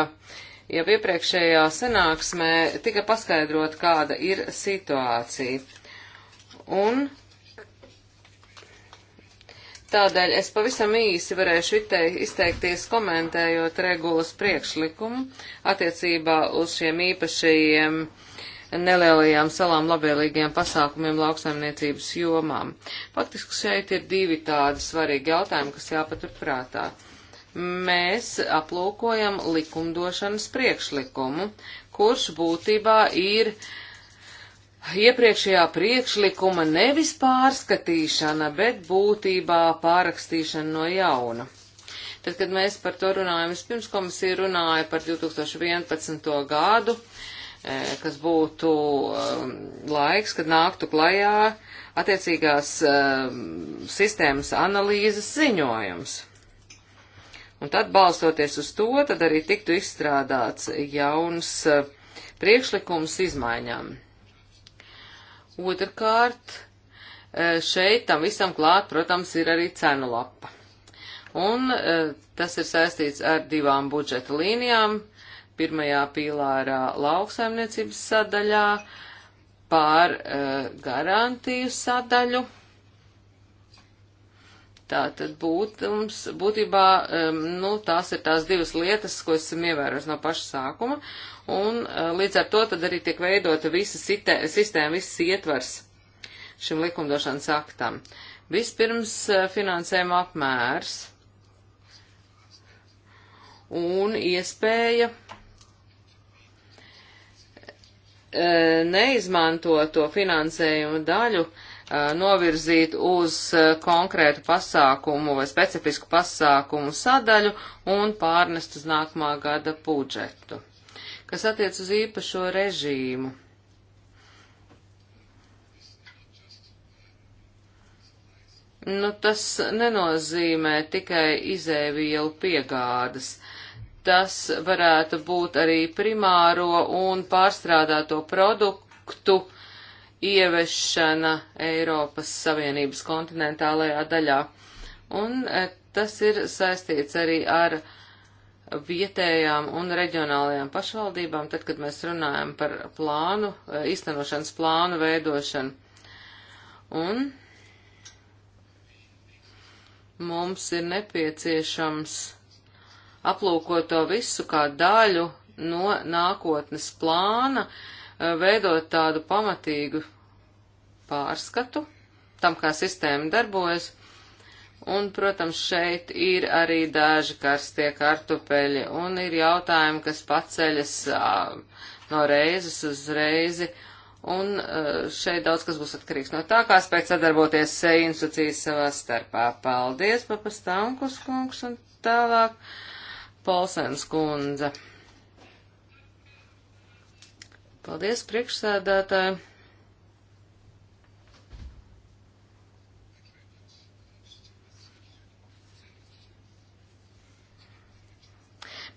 Jau iepriekšējā sanāksmē tika paskaidrot, kāda ir situācija. Un Tādēļ es pavisam īsi varēšu izteikties komentējot regulas priekšlikumu attiecībā uz šiem īpašajiem nelielajām salām labvēlīgiem pasākumiem lauksaimniecības jomām. Faktiski šeit ir divi tādi svarīgi jautājumi, kas jāpatur prātā mēs aplūkojam likumdošanas priekšlikumu, kurš būtībā ir iepriekšējā priekšlikuma nevis pārskatīšana, bet būtībā pārakstīšana no jauna. Tad, kad mēs par to runājam, vispirms komisija runāja par 2011. gadu, e, kas būtu um, laiks, kad nāktu klajā attiecīgās um, sistēmas analīzes ziņojums. Un tad, balstoties uz to, tad arī tiktu izstrādāts jauns eh, priekšlikums izmaiņām. Otrkārt, eh, šeit tam visam klāt, protams, ir arī cenu lapa. Un eh, tas ir saistīts ar divām budžeta līnijām. Pirmajā pīlārā lauksaimniecības sadaļā pār garantiju sadaļu Tā tad būtums, būtībā, um, nu, tās ir tās divas lietas, ko esam ievērojuši no paša sākuma, un uh, līdz ar to tad arī tiek veidota visa sitē, sistēma, viss ietvers šim likumdošanas aktam. Vispirms uh, finansējuma apmērs un iespēja uh, eh, neizmantot to finansējumu daļu, uh, Uh, novirzīt uz uh, konkrētu pasākumu vai specifisku pasākumu sadaļu un pārnest uz nākamā gada budžetu. Kas attiec uz īpašo režīmu? Nu, tas nenozīmē tikai izēvielu piegādas. Tas varētu būt arī primāro un pārstrādāto produktu ieviešana Eiropas Savienības kontinentālajā daļā. Un e, tas ir saistīts arī ar vietējām un reģionālajām pašvaldībām, tad, kad mēs runājam par plānu, e, īstenošanas plānu veidošanu. Un mums ir nepieciešams aplūkot to visu kā daļu no nākotnes plāna, uh, Eh, veidot tādu pamatīgu pārskatu tam, kā sistēma darbojas. Un, protams, šeit ir arī daži karstie kartupeļi, un ir jautājumi, kas paceļas eh, no reizes uz reizi, un eh, šeit daudz kas būs atkarīgs no tā, kā spēj sadarboties institūcijas savā starpā. Paldies, papastankus kungs, un tālāk Polsens kundze. Paldies, priekšsēdētāji!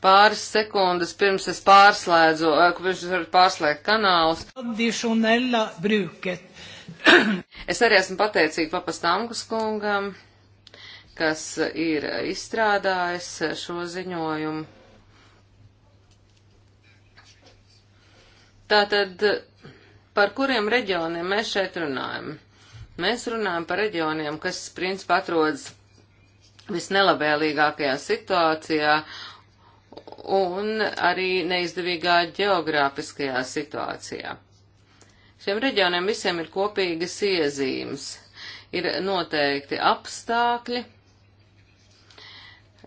pāris sekundes pirms es pārslēdzu, eh, pirms es varu pārslēgt kanālus. Es arī esmu pateicīga papastāmkus kungam, kas ir izstrādājis šo ziņojumu. Tātad, par kuriem reģioniem mēs šeit runājam? Mēs runājam par reģioniem, kas principā atrodas visnelabvēlīgākajā situācijā un arī neizdevīgā geogrāfiskajā situācijā. Šiem reģioniem visiem ir kopīgas iezīmes, ir noteikti apstākļi,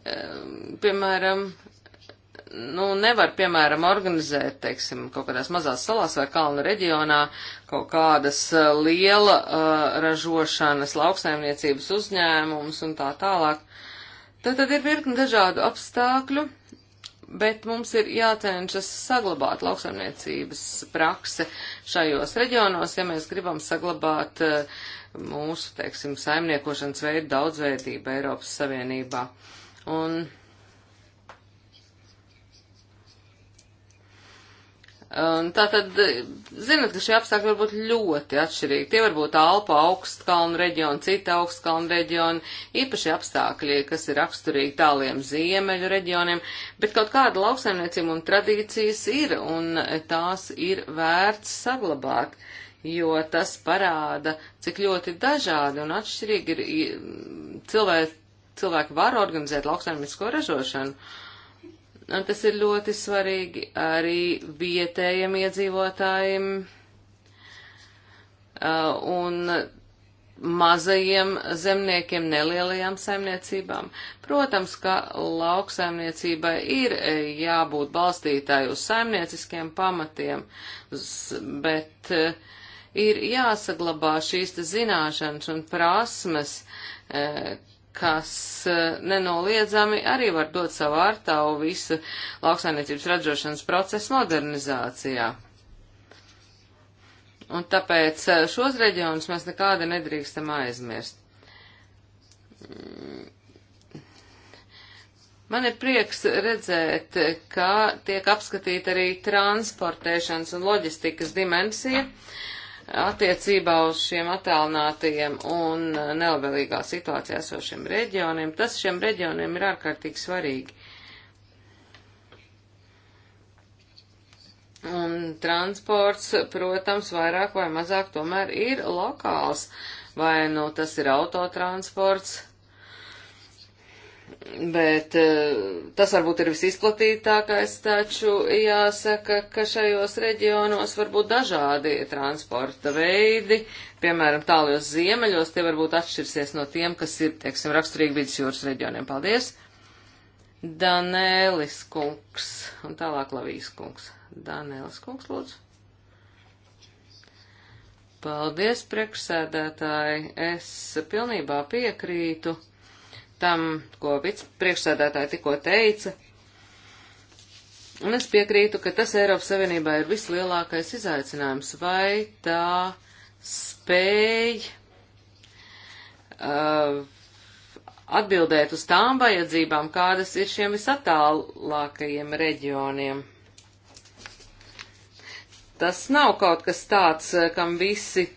ehm, piemēram, nu, nevar, piemēram, organizēt, teiksim, kaut kādās mazās salās vai kalnu reģionā kaut kādas uh, liela uh, ražošanas, lauksaimniecības uzņēmums un tā tālāk. Tad, tad ir virkni dažādu apstākļu, bet mums ir jācenšas saglabāt lauksaimniecības prakse šajos reģionos, ja mēs gribam saglabāt uh, mūsu, teiksim, saimniekošanas veidu daudzveidību Eiropas Savienībā. Un Un tā tad, zinot, ka šie apstākļi var būt ļoti atšķirīgi. Tie var būt Alpa augstkalnu reģioni, cita augstkalnu reģioni, īpaši apstākļi, kas ir raksturīgi tāliem ziemeļu reģioniem, bet kaut kāda lauksaimniecība un tradīcijas ir, un tās ir vērts saglabāt, jo tas parāda, cik ļoti dažādi un atšķirīgi ir cilvēki, cilvēki var organizēt lauksaimniecisko ražošanu. Un tas ir ļoti svarīgi arī vietējiem iedzīvotājiem uh, un mazajiem zemniekiem, nelielajām saimniecībām. Protams, ka lauksaimniecībai ir e, jābūt balstītāju uz saimnieciskiem pamatiem, bet e, ir jāsaglabā šīs zināšanas un prasmes, e, kas eh, nenoliedzami arī var dot savu ārtavu visu lauksainiecības ražošanas procesu modernizācijā. Un tāpēc eh, šos reģionus mēs nekādi nedrīkstam aizmirst. Man ir prieks redzēt, kā tiek apskatīta arī transportēšanas un loģistikas dimensija. Uh, attiecībā uz šiem attālinātajiem un nelabvēlīgā situācijā esošiem reģioniem. Tas šiem reģioniem ir ārkārtīgi svarīgi. Un transports, protams, vairāk vai mazāk tomēr ir lokāls. Vai nu tas ir autotransports, Bet eh, tas varbūt ir visizplatītākais, taču jāsaka, ka šajos reģionos var būt dažādi transporta veidi. Piemēram, tālajos ziemeļos tie varbūt atšķirsies no tiem, kas ir, teiksim, raksturīgi vidusjūras reģioniem. Paldies! Danēlis kungs un tālāk Lavijas kungs. Danēlis kungs, lūdzu. Paldies, priekšsēdētāji! Es pilnībā piekrītu tam, ko vicepriekšsēdētāji tikko teica. Un es piekrītu, ka tas Eiropas Savienībā ir vislielākais izaicinājums, vai tā spēj uh, atbildēt uz tām vajadzībām, kādas ir šiem visatālākajiem reģioniem. Tas nav kaut kas tāds, uh, kam visi uh,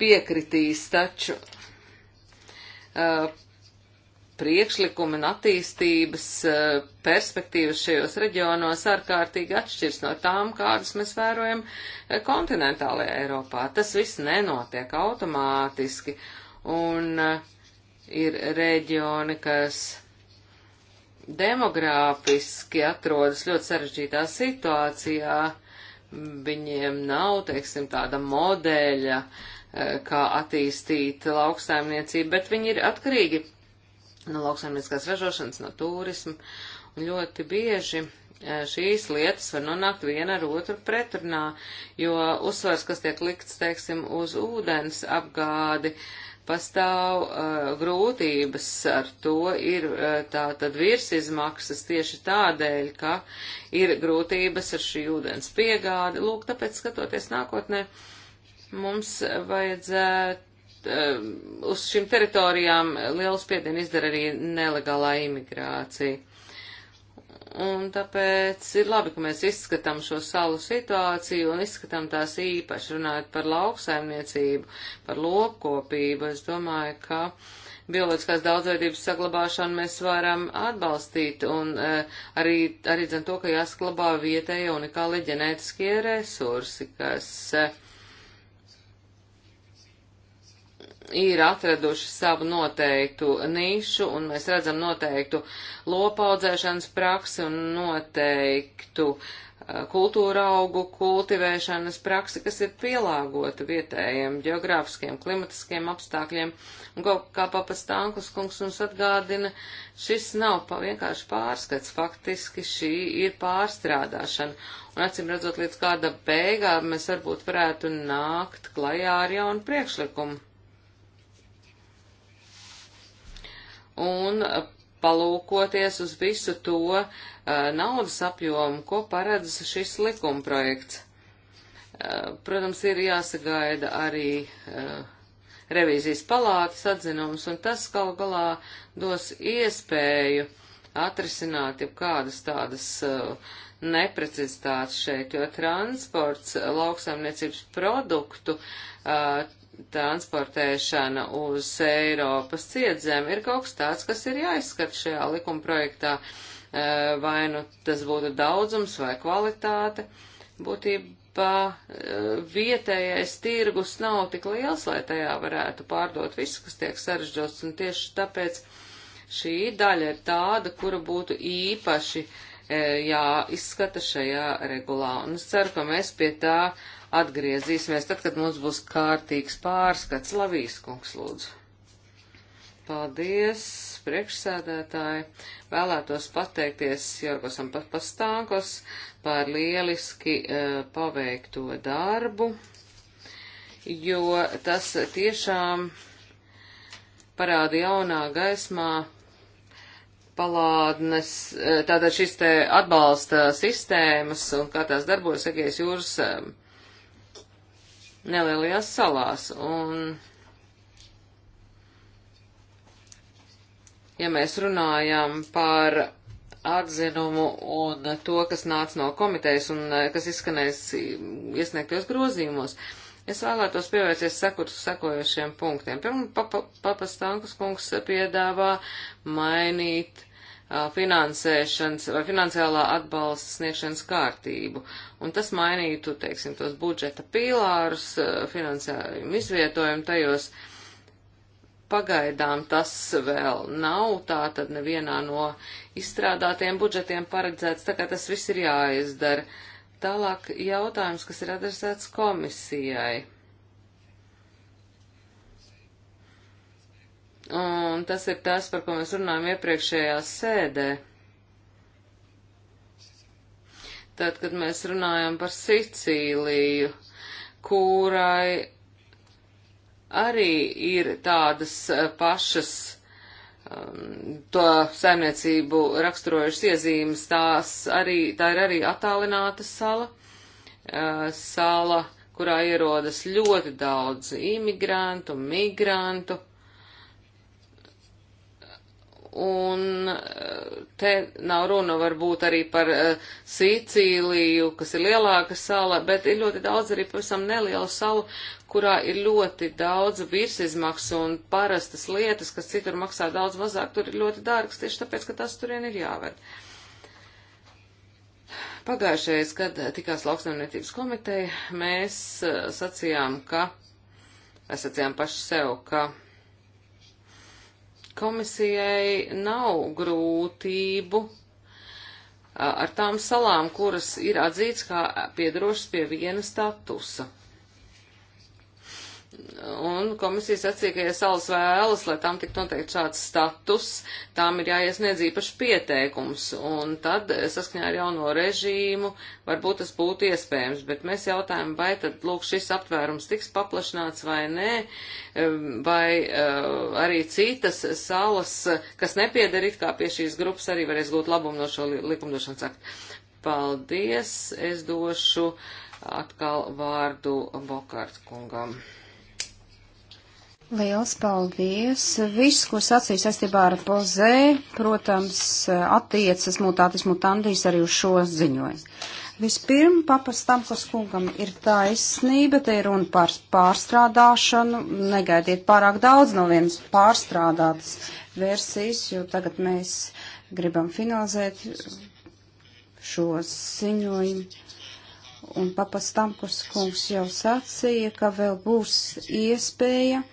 piekritīs, taču uh, priekšlikumi un attīstības eh, perspektīvas šajos reģionos ārkārtīgi atšķirs no tām, kādas mēs vērojam eh, kontinentālajā Eiropā. Tas viss nenotiek automātiski, un eh, ir reģioni, kas demogrāfiski atrodas ļoti sarežģītā situācijā, viņiem nav, teiksim, tāda modeļa, kā attīstīt lauksaimniecību, bet viņi ir atkarīgi no lauksaimnieciskās ražošanas, no turisma, un ļoti bieži e, šīs lietas var nonākt viena ar otru pretrunā, jo uzsvars, kas tiek likts, teiksim, uz ūdens apgādi, pastāv uh, grūtības ar to, ir uh, tā tad virs izmaksas tieši tādēļ, ka ir grūtības ar šī ūdens piegādi. Lūk, tāpēc skatoties nākotnē, mums vajadzētu Um, uz šīm teritorijām lielu spiedienu izdara arī nelegālā imigrācija. Un tāpēc ir labi, ka mēs izskatām šo salu situāciju un izskatām tās īpaši runājot par lauksaimniecību, par lopkopību. Es domāju, ka bioloģiskās daudzveidības saglabāšanu mēs varam atbalstīt un uh, arī, arī dzen to, ka jāsaglabā vietēja unikāli ģenētiskie resursi, kas uh, ir atraduši savu noteiktu nišu, un mēs redzam noteiktu lopaudzēšanas praksi un noteiktu uh, kultūra augu kultivēšanas praksi, kas ir pielāgota vietējiem geogrāfiskiem, klimatiskiem apstākļiem. Un kā papas Tankus kungs mums atgādina, šis nav pa, vienkārši pārskats, faktiski šī ir pārstrādāšana. Un acīm redzot, līdz kāda beigā mēs varbūt varētu nākt klajā ar jaunu priekšlikumu. un palūkoties uz visu to uh, naudas apjomu, ko paredz šis likumprojekts. Uh, protams, ir jāsagaida arī uh, revīzijas palātas atzinums, un tas galu galā dos iespēju atrisināt jau kādas tādas neprecizitātes šeit, jo transports lauksaimniecības produktu transportēšana uz Eiropas ciedzēm ir kaut kas tāds, kas ir jāizskat šajā likuma projektā, eh, vai nu tas būtu daudzums vai kvalitāte. Būtībā eh, vietējais tirgus nav tik liels, lai tajā varētu pārdot visu, kas tiek sarežģīts, un tieši tāpēc šī daļa ir tāda, kura būtu īpaši eh, jāizskata šajā regulā. Un es ceru, ka mēs pie tā uh, atgriezīsimies tad, kad mums būs kārtīgs pārskats. Lavijas kungs, lūdzu. Paldies, priekšsēdētāji. Vēlētos pateikties Jorgosam Pastānkos par lieliski uh, paveikto darbu, jo tas tiešām parāda jaunā gaismā palādnes, eh, tātad šis te atbalsta sistēmas un kā tās darbojas Egejas jūras eh, nelielajās salās. Un, ja mēs runājam par atzinumu un to, kas nāca no komitejas un eh, kas izskanēs iesniegtos grozījumos, es vēlētos pievērsties sekojošiem punktiem. Pirmkārt, Papastankas pa, pa, kungs piedāvā mainīt finansēšanas vai finansiālā atbalsta sniegšanas kārtību. Un tas mainītu, teiksim, tos budžeta pīlārus, finansējumu izvietojumu tajos. Pagaidām tas vēl nav, tā tad nevienā no izstrādātiem budžetiem paredzēts, tā kā tas viss ir jāizdara. Tālāk jautājums, kas ir adresēts komisijai Un tas ir tas, par ko mēs runājam iepriekšējā sēdē. Tad, kad mēs runājam par Sicīliju, kurai arī ir tādas eh, pašas um, to saimniecību raksturojušas iezīmes, tās arī, tā ir arī attālināta sala, uh, sala, kurā ierodas ļoti daudz imigrantu, migrantu. migrantu Un eh, te nav runa varbūt arī par uh, Sīcīliju, kas ir lielāka sala, bet ir ļoti daudz arī pavisam nelielu salu, kurā ir ļoti daudz virsizmaksu un parastas lietas, kas citur maksā daudz mazāk, tur ir ļoti dārgs, tieši tāpēc, ka tas turien ir jāved. Pagājušajais, kad tikās lauksaimniecības komiteja, mēs uh, sacījām, ka, mēs sacījām paši sev, ka Komisijai nav grūtību ar tām salām, kuras ir atzīts kā piedarošas pie viena statusa. Un komisija sacīja, ka, ja salas vēlas, lai tam tik noteikti šāds status, tām ir jāiesniedz īpaši pieteikums, un tad eh, saskaņā ar jauno režīmu varbūt tas būtu iespējams, bet mēs jautājam, vai tad, lūk, šis aptvērums tiks paplašināts vai nē, vai uh, arī citas salas, kas nepiedarīt kā pie šīs grupas, arī varēs gūt labumu no šo likumdošanas aktu. Paldies, es došu atkal vārdu Bokārt kungam. Liels paldies! Viss, ko sacīju saistībā ar pozē, protams, attiecas mutātis mutandīs arī uz šo ziņojumu. Vispirms, papastam, kas kungam ir taisnība, te ir runa par pārstrādāšanu. Negaidiet pārāk daudz no vienas pārstrādātas versijas, jo tagad mēs gribam finalizēt šo ziņojumu. Un papastam, kas kungs jau sacīja, ka vēl būs iespēja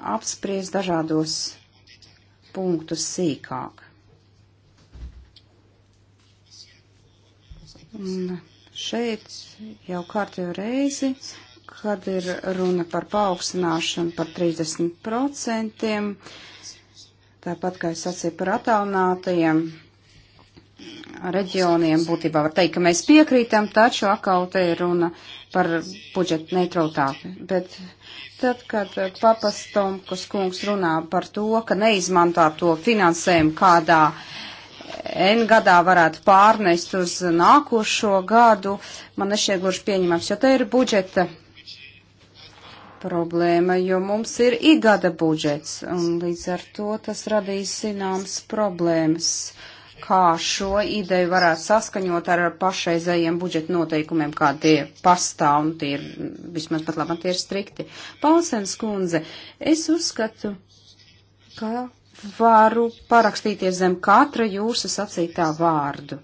apspriest dažādos punktus sīkāk. Un šeit jau kārtējo reizi, kad ir runa par paaugstināšanu par 30%, tāpat kā es sacīju par attālinātajiem reģioniem. Būtībā var teikt, ka mēs piekrītam, taču atkal te ir runa par budžeta neutralitāti. Bet tad, kad papas Tomkus kungs runā par to, ka neizmantā to finansējumu kādā N gadā varētu pārnest uz nākošo gadu, man nešķiet gluži pieņemams, jo te ir budžeta problēma, jo mums ir igada budžets, un līdz ar to tas radīs zināmas problēmas. Uh, kā šo ideju varētu saskaņot ar pašreizējiem budžeta noteikumiem, kā tie pastāv, un tie ir, vismaz pat labāk, tie ir strikti. Palsens kundze, es uzskatu, ka varu parakstīties zem katra jūsu sacītā vārdu.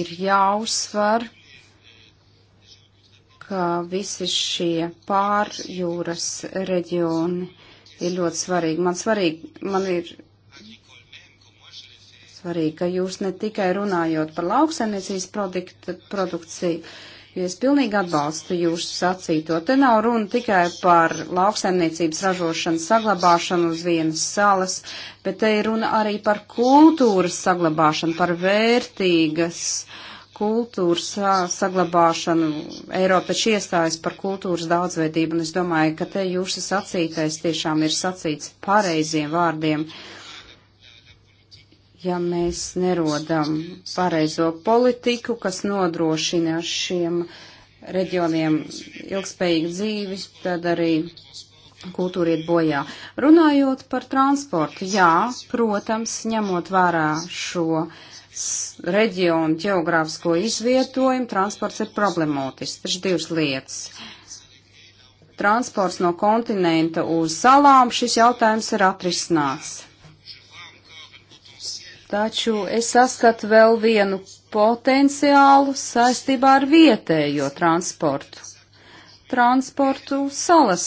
Ir jāuzsver, ka visi šie pārjūras reģioni ir ļoti svarīgi. Man svarīgi, man ir Svarīgi, ka jūs ne tikai runājot par lauksaimniecības produkciju, jo es pilnīgi atbalstu jūsu sacīto. Te nav runa tikai par lauksaimniecības ražošanu saglabāšanu uz vienas salas, bet te ir runa arī par kultūras saglabāšanu, par vērtīgas kultūras saglabāšanu. Eiropa taču iestājas par kultūras daudzveidību, un es domāju, ka te jūsu sacītais tiešām ir sacīts pareiziem vārdiem. Uh, ja mēs nerodam pareizo politiku, kas nodrošina šiem reģioniem ilgspējīgu dzīvi, tad arī kultūra iet bojā. Runājot par transportu, jā, protams, ņemot vērā šo reģionu ģeogrāfisko izvietojumu, transports ir problemātisks. Taču divas lietas. Transports no kontinenta uz salām šis jautājums ir atrisināts Taču es saskatu vēl vienu potenciālu saistībā ar vietējo transportu. Transportu salas,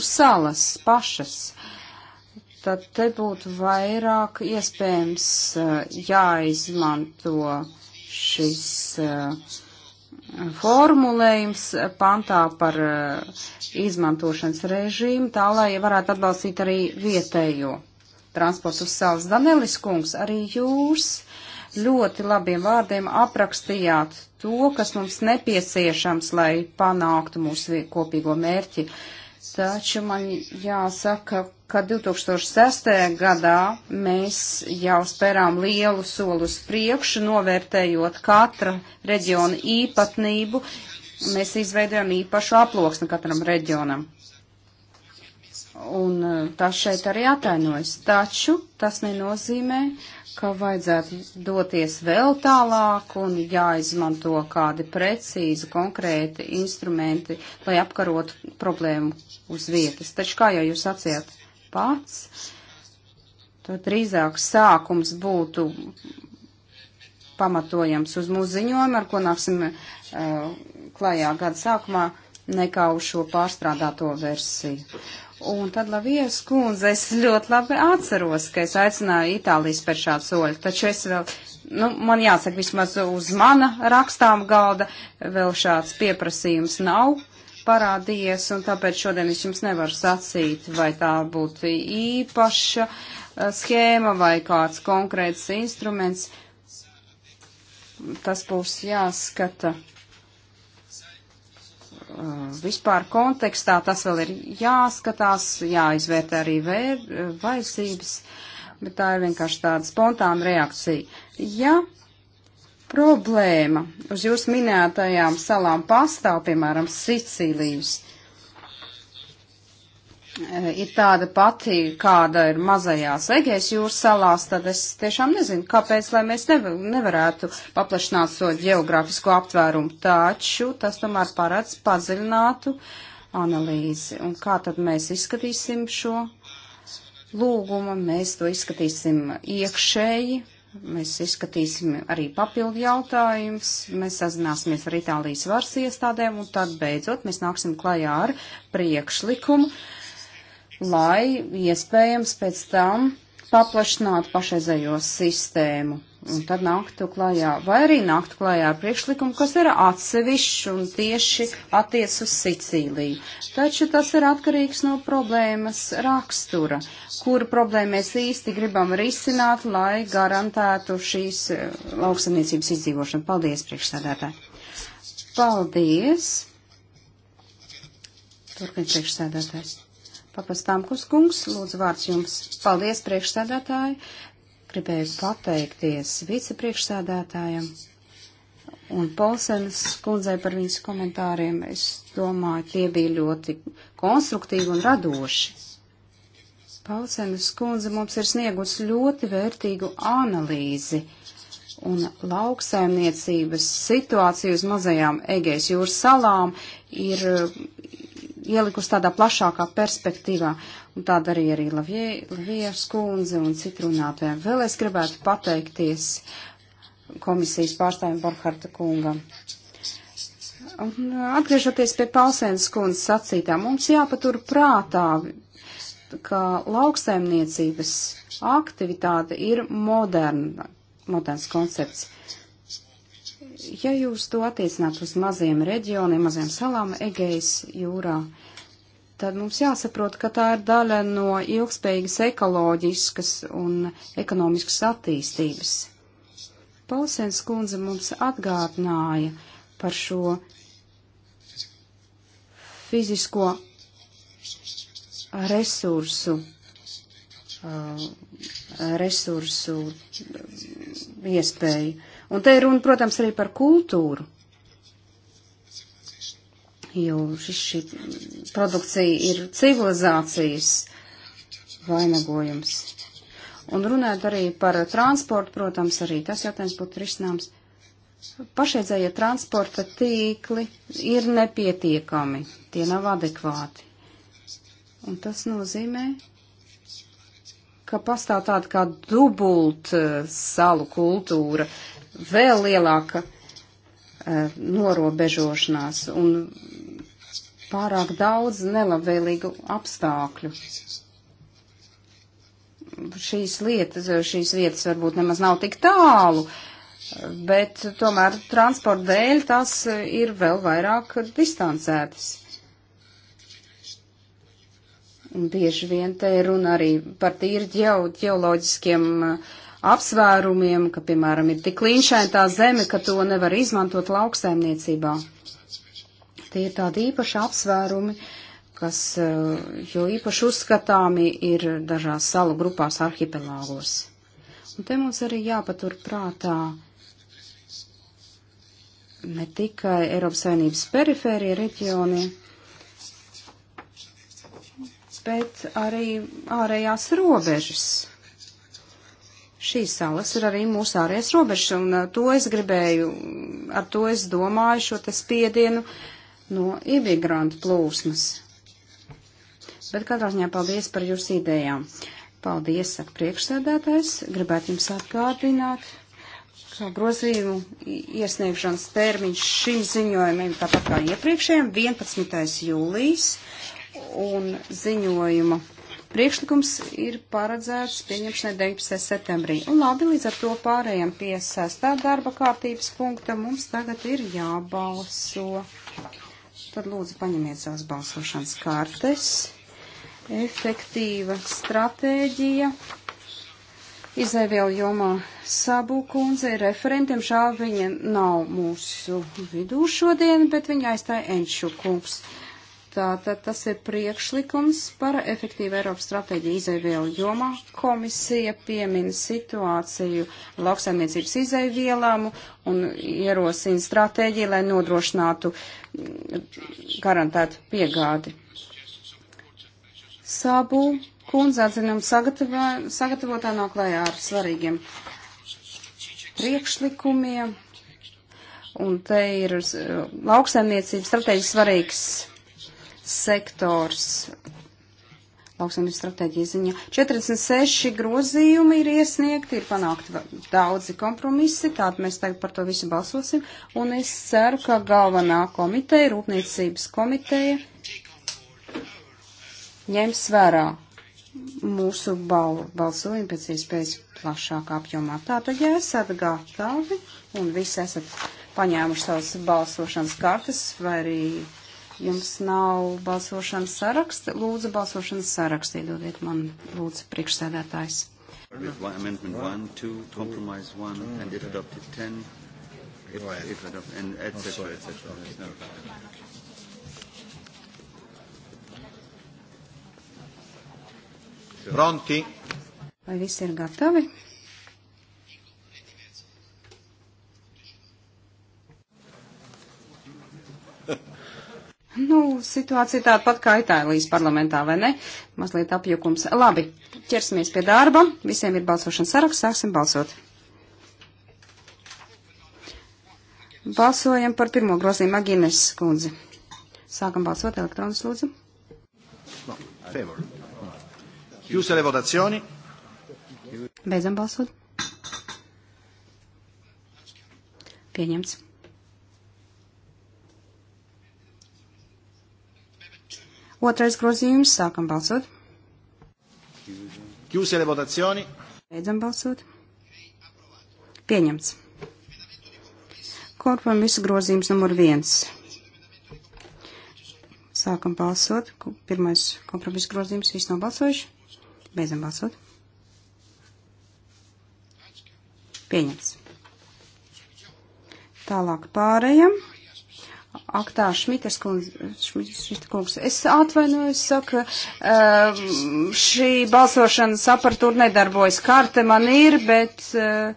uz salas pašas. Tad te būtu vairāk iespējams eh, jāizmanto šis eh, formulējums pantā par eh, izmantošanas režīmu, tā lai varētu atbalstīt arī vietējo transports uz salas. Danelis kungs, arī jūs ļoti labiem vārdiem aprakstījāt to, kas mums nepieciešams, lai panāktu mūsu kopīgo mērķi. Taču man jāsaka, ka 2006. gadā mēs jau spērām lielu soli uz priekšu, novērtējot katra reģiona īpatnību. Mēs izveidojam īpašu aploksni katram reģionam. Un e, tas šeit arī atainojas. Taču tas nenozīmē, ka vajadzētu doties vēl tālāk un jāizmanto kādi precīzi, konkrēti instrumenti, lai apkarotu problēmu uz vietas. Taču, kā jau jūs sacījāt pats, tad drīzāk sākums būtu pamatojams uz mūsu ziņojumu, ar ko nāksim uh, klajā gada sākumā, nekā uz šo pārstrādāto versiju. Un tad Lavijas kundze, es ļoti labi atceros, ka es aicināju Itālijas par šādu soļu, taču es vēl, nu, man jāsaka, vismaz uz mana rakstām galda vēl šāds pieprasījums nav parādījies, un tāpēc šodien es jums nevaru sacīt, vai tā būtu īpaša eh, schēma vai kāds konkrēts instruments. Tas būs jāskata Uh, vispār kontekstā tas vēl ir jāskatās, jāizvērtē arī vēr, uh, vajadzības, bet tā ir vienkārši tāda spontāna reakcija. Ja problēma uz jūs minētajām salām pastāv, piemēram, Sicīlijas, Eh, ir tāda pati, kāda ir mazajās Egejas jūras salās, tad es tiešām nezinu, kāpēc, lai mēs nevarētu paplašināt šo so geogrāfisko aptvērumu, taču tas tomēr parāds padziļinātu analīzi. Un kā tad mēs izskatīsim šo lūgumu? Mēs to izskatīsim iekšēji, mēs izskatīsim arī papildu jautājumus, mēs sazināsimies ar Itālijas varas iestādēm, un tad beidzot mēs nāksim klajā ar priekšlikumu lai iespējams pēc tam paplašinātu pašreizējo sistēmu. Un tad nāktu klajā, vai arī nāktu klajā ar priekšlikumu, kas ir atsevišķi un tieši attiec uz Sicīliju. Taču tas ir atkarīgs no problēmas rakstura, kuru problēmu mēs īsti gribam risināt, lai garantētu šīs eh, lauksamniecības izdzīvošanu. Paldies, priekšsēdētāji! Paldies! Turpin priekšsēdētājs. Papastāmkus kungs, lūdzu vārds jums. Paldies priekšsēdētāji. Gribēju pateikties vicepriekšsēdētājam un Polsenas kundzei par viņas komentāriem. Es domāju, tie bija ļoti konstruktīvi un radoši. Polsenas kundze mums ir sniegusi ļoti vērtīgu analīzi un lauksaimniecības situācija uz mazajām Egejas jūras salām ir ielikusi tādā plašākā perspektīvā, un tā darīja arī Lavijas kundze un citu runātājiem. Vēl es gribētu pateikties komisijas pārstāvjiem Borharta kungam. Un atgriežoties pie Pausēnas kundzes sacītā, mums jāpatur prātā, ka lauksaimniecības aktivitāte ir moderna, moderns koncepts. Ja jūs to attiecināt uz maziem reģioniem, maziem salām Egejas jūrā, tad mums jāsaprot, ka tā ir daļa no ilgspējīgas ekoloģiskas un ekonomiskas attīstības. Pausens kundze mums atgādināja par šo fizisko resursu, uh, resursu iespēju. Un te ir runa, protams, arī par kultūru. Jo šī produkcija ir civilizācijas vainagojums. Un runājot arī par transportu, protams, arī tas jautājums būtu risināms. Pašreizējie transporta tīkli ir nepietiekami, tie nav adekvāti. Un tas nozīmē, ka pastāv tāda kā dubult eh, salu kultūra. Uh, vēl lielāka uh, norobežošanās un pārāk daudz nelabvēlīgu apstākļu. Šīs lietas, šīs vietas varbūt nemaz nav tik tālu, bet tomēr transporta dēļ tās ir vēl vairāk distancētas. Un bieži vien te ir runa arī par tīri ģeo, ģeoloģiskiem uh, apsvērumiem, ka, piemēram, ir tik līnšaina tā zeme, ka to nevar izmantot lauksaimniecībā. Tie ir tādi īpaši apsvērumi, kas eh, jo īpaši uzskatāmi ir dažās salu grupās arhipelāgos. Un te mums arī jāpatur prātā ne tikai Eiropas Savienības perifērija reģioni, bet arī ārējās robežas šīs salas ir arī mūsu ārējais robežs, un uh, to es gribēju, ar to es domāju šo te spiedienu no imigrantu plūsmas. Bet katrā ziņā paldies par jūsu idejām. Paldies, saka priekšsēdētājs. Gribētu jums atgādināt, ka grozījumu iesniegšanas termiņš šim ziņojumam tāpat kā iepriekšējiem 11. jūlijas un ziņojuma Priekšlikums ir paredzēts pieņemšanai 19. septembrī. Un labi, līdz ar to pārējiem pie sestā darba kārtības punkta mums tagad ir jābalso. Tad lūdzu paņemiet savas balsošanas kārtes. Efektīva stratēģija. Izaivielu jomā Sabu kundze ir referentiem, žēl viņa nav mūsu vidū šodien, bet viņa aizstāja Enšu kungs. Uh, Tātad tas ir priekšlikums par efektīvu Eiropas stratēģiju izaivielu jomā. Komisija piemina situāciju lauksaimniecības izaivielām un ierosina stratēģiju, lai nodrošinātu garantētu piegādi. Sabu kundze atzinām sagatavotā nāk klājā ar svarīgiem priekšlikumiem. Un te ir uh, lauksaimniecības strateģiski svarīgs sektors lauksaimniecības stratēģijas ziņā. 46 grozījumi ir iesniegti, ir panākti daudzi kompromisi, tātad mēs tagad par to visu balsosim, un es ceru, ka galvenā komiteja, rūpniecības komiteja, ņems vērā mūsu bal balsojumu pēc iespējas plašākā apjomā. Tātad, ja esat gatavi un visi esat paņēmuši savas balsošanas kartes vai arī jums nav balsošanas saraksta, lūdzu balsošanas sarakstu iedodiet man, lūdzu, priekšsēdētājs. Amendment 1, 2, compromise 1, and if adopted 10, if, if adopted, and et cetera, et cetera. No. Pronti? Vai visi ir gatavi? Nu, situācija tāda pat kā Itālijas parlamentā, vai ne? Mazliet apjukums. Labi, ķersimies pie darba. Visiem ir balsošanas saraksts, sāksim balsot. Balsojam par pirmo grozījumu Agines skundzi. Sākam balsot elektronis, lūdzu. No, favor. Chiuse le votazioni. Beidzam balsot. Pieņemts. Otrais grozījums. Sākam balsot. Chiuse le votazioni. Beidzam balsot. Pieņemts. Kompromisa grozījums numur viens. Sākam balsot. Pirmais kompromisa grozījums. Viss nav balsojuši. Beidzam balsot. Pieņemts. Tālāk pārējam aktā Šmitas kungs. Es atvainojos, saka, ehm, šī balsošanas aparatūra nedarbojas. Karte man ir, bet eh,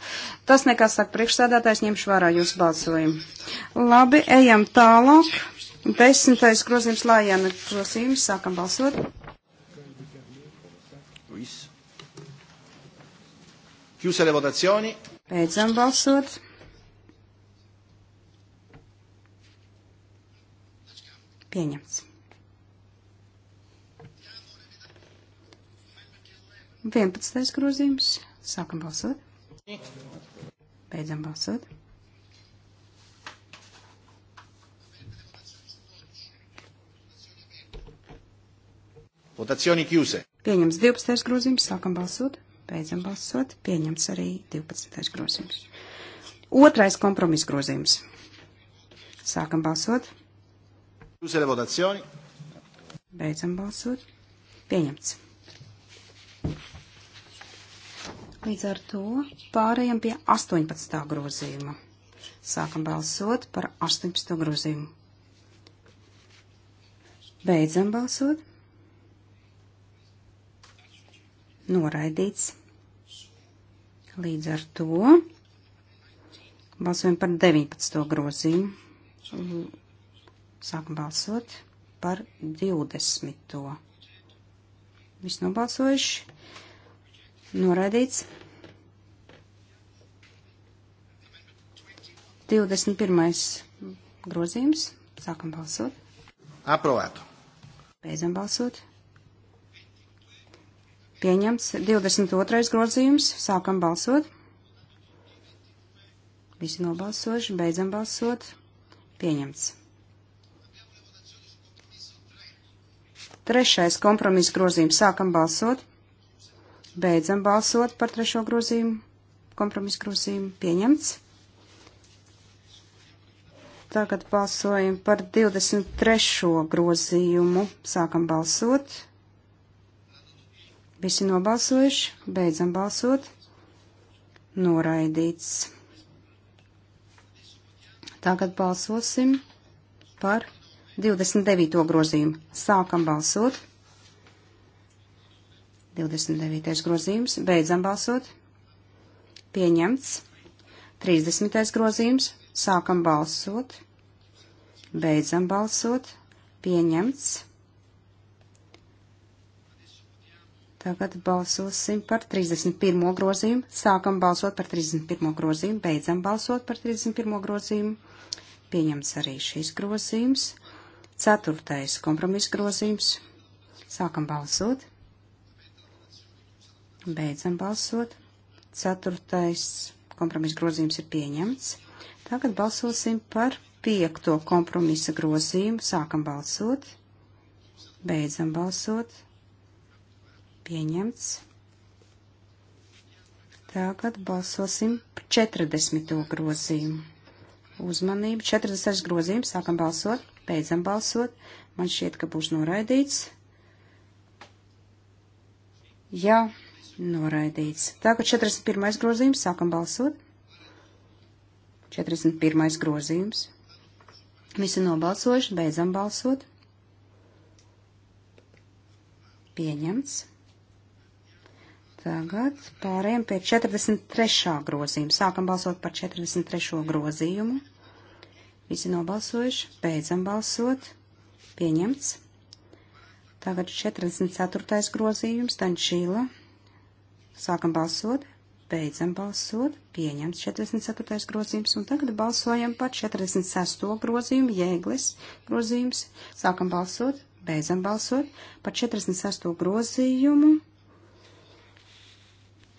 tas nekas, saka, priekšsēdētājs ņemšu vērā jūsu balsojumu. Labi, ejam tālāk. Desmitais grozījums Lājana grozījums. Sākam balsot. Chiuse le votazioni. Beidzam balsot. Pieņemts. 11. grozījums. Sākam balsot. Beidzam balsot. Votazioni chiuse. Pieņems 12. grozījums, sākam balsot, beidzam balsot, pieņems arī 12. grozījums. Otrais kompromiss grozījums. Sākam balsot, Jūs ir votacioni. Beidzam balsot. Pieņemts. Līdz ar to pārējām pie 18. grozījuma. Sākam balsot par 18. grozījumu. Beidzam balsot. Noraidīts. Līdz ar to balsojam par 19. grozījumu. Sākam balsot par 20. Viss nobalsojuši. Noraidīts. 21. grozījums. Sākam balsot. Aprovētu. Beidzam balsot. Pieņemts 22. grozījums. Sākam balsot. Visi nobalsojuši. Beidzam balsot. Pieņemts. Trešais kompromiss grozījums. Sākam balsot. Beidzam balsot par trešo grozījumu. Kompromiss grozījumu pieņemts. Tagad balsojam par 23. grozījumu. Sākam balsot. Visi nobalsojuši. Beidzam balsot. Noraidīts. Tagad balsosim par 29. grozījumu. Sākam balsot. 29. grozījums. Beidzam balsot. Pieņemts. 30. grozījums. Sākam balsot. Beidzam balsot. Pieņemts. Tagad balsosim par 31. grozījumu. Sākam balsot par 31. grozījumu, beidzam balsot par 31. grozījumu. Pieņems arī šis grozījums. Ceturtais kompromisa grozījums. Sākam balsot. Beidzam balsot. Ceturtais kompromisa grozījums ir pieņemts. Tagad balsosim par piekto kompromisa grozījumu. Sākam balsot. Beidzam balsot. Pieņemts. Tagad balsosim par 40. grozījumu uzmanību. 46 grozījums, sākam balsot, beidzam balsot. Man šķiet, ka būs noraidīts. Jā, noraidīts. Tagad 41. grozījums, sākam balsot. 41. grozījums. Visi nobalsojuši, beidzam balsot. Pieņemts. Tagad pāriem pie 43. grozījuma. Sākam balsot par 43. grozījumu. Visi nobalsojuši, beidzam balsot, pieņemts. Tagad 44. grozījums, Dančīla. Sākam balsot, beidzam balsot, pieņemts 44. grozījums, un tagad balsojam par 46. grozījumu, Jēglis grozījums. Sākam balsot, beidzam balsot par 46. grozījumu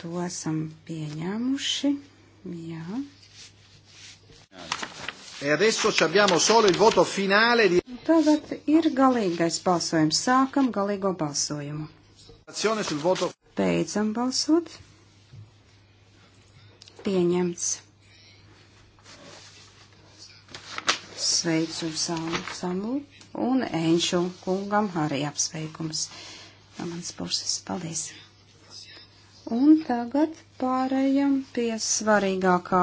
to esam pieņēmuši. Jā. E adesso abbiamo solo il voto finale di... Tagad ir galīgais balsojums. Sākam galīgo balsojumu. Beidzam balsot. Pieņemts. Sveicu savu samu un Enšu kungam arī apsveikums no manas puses. Paldies! Un tagad pārējām pie svarīgākā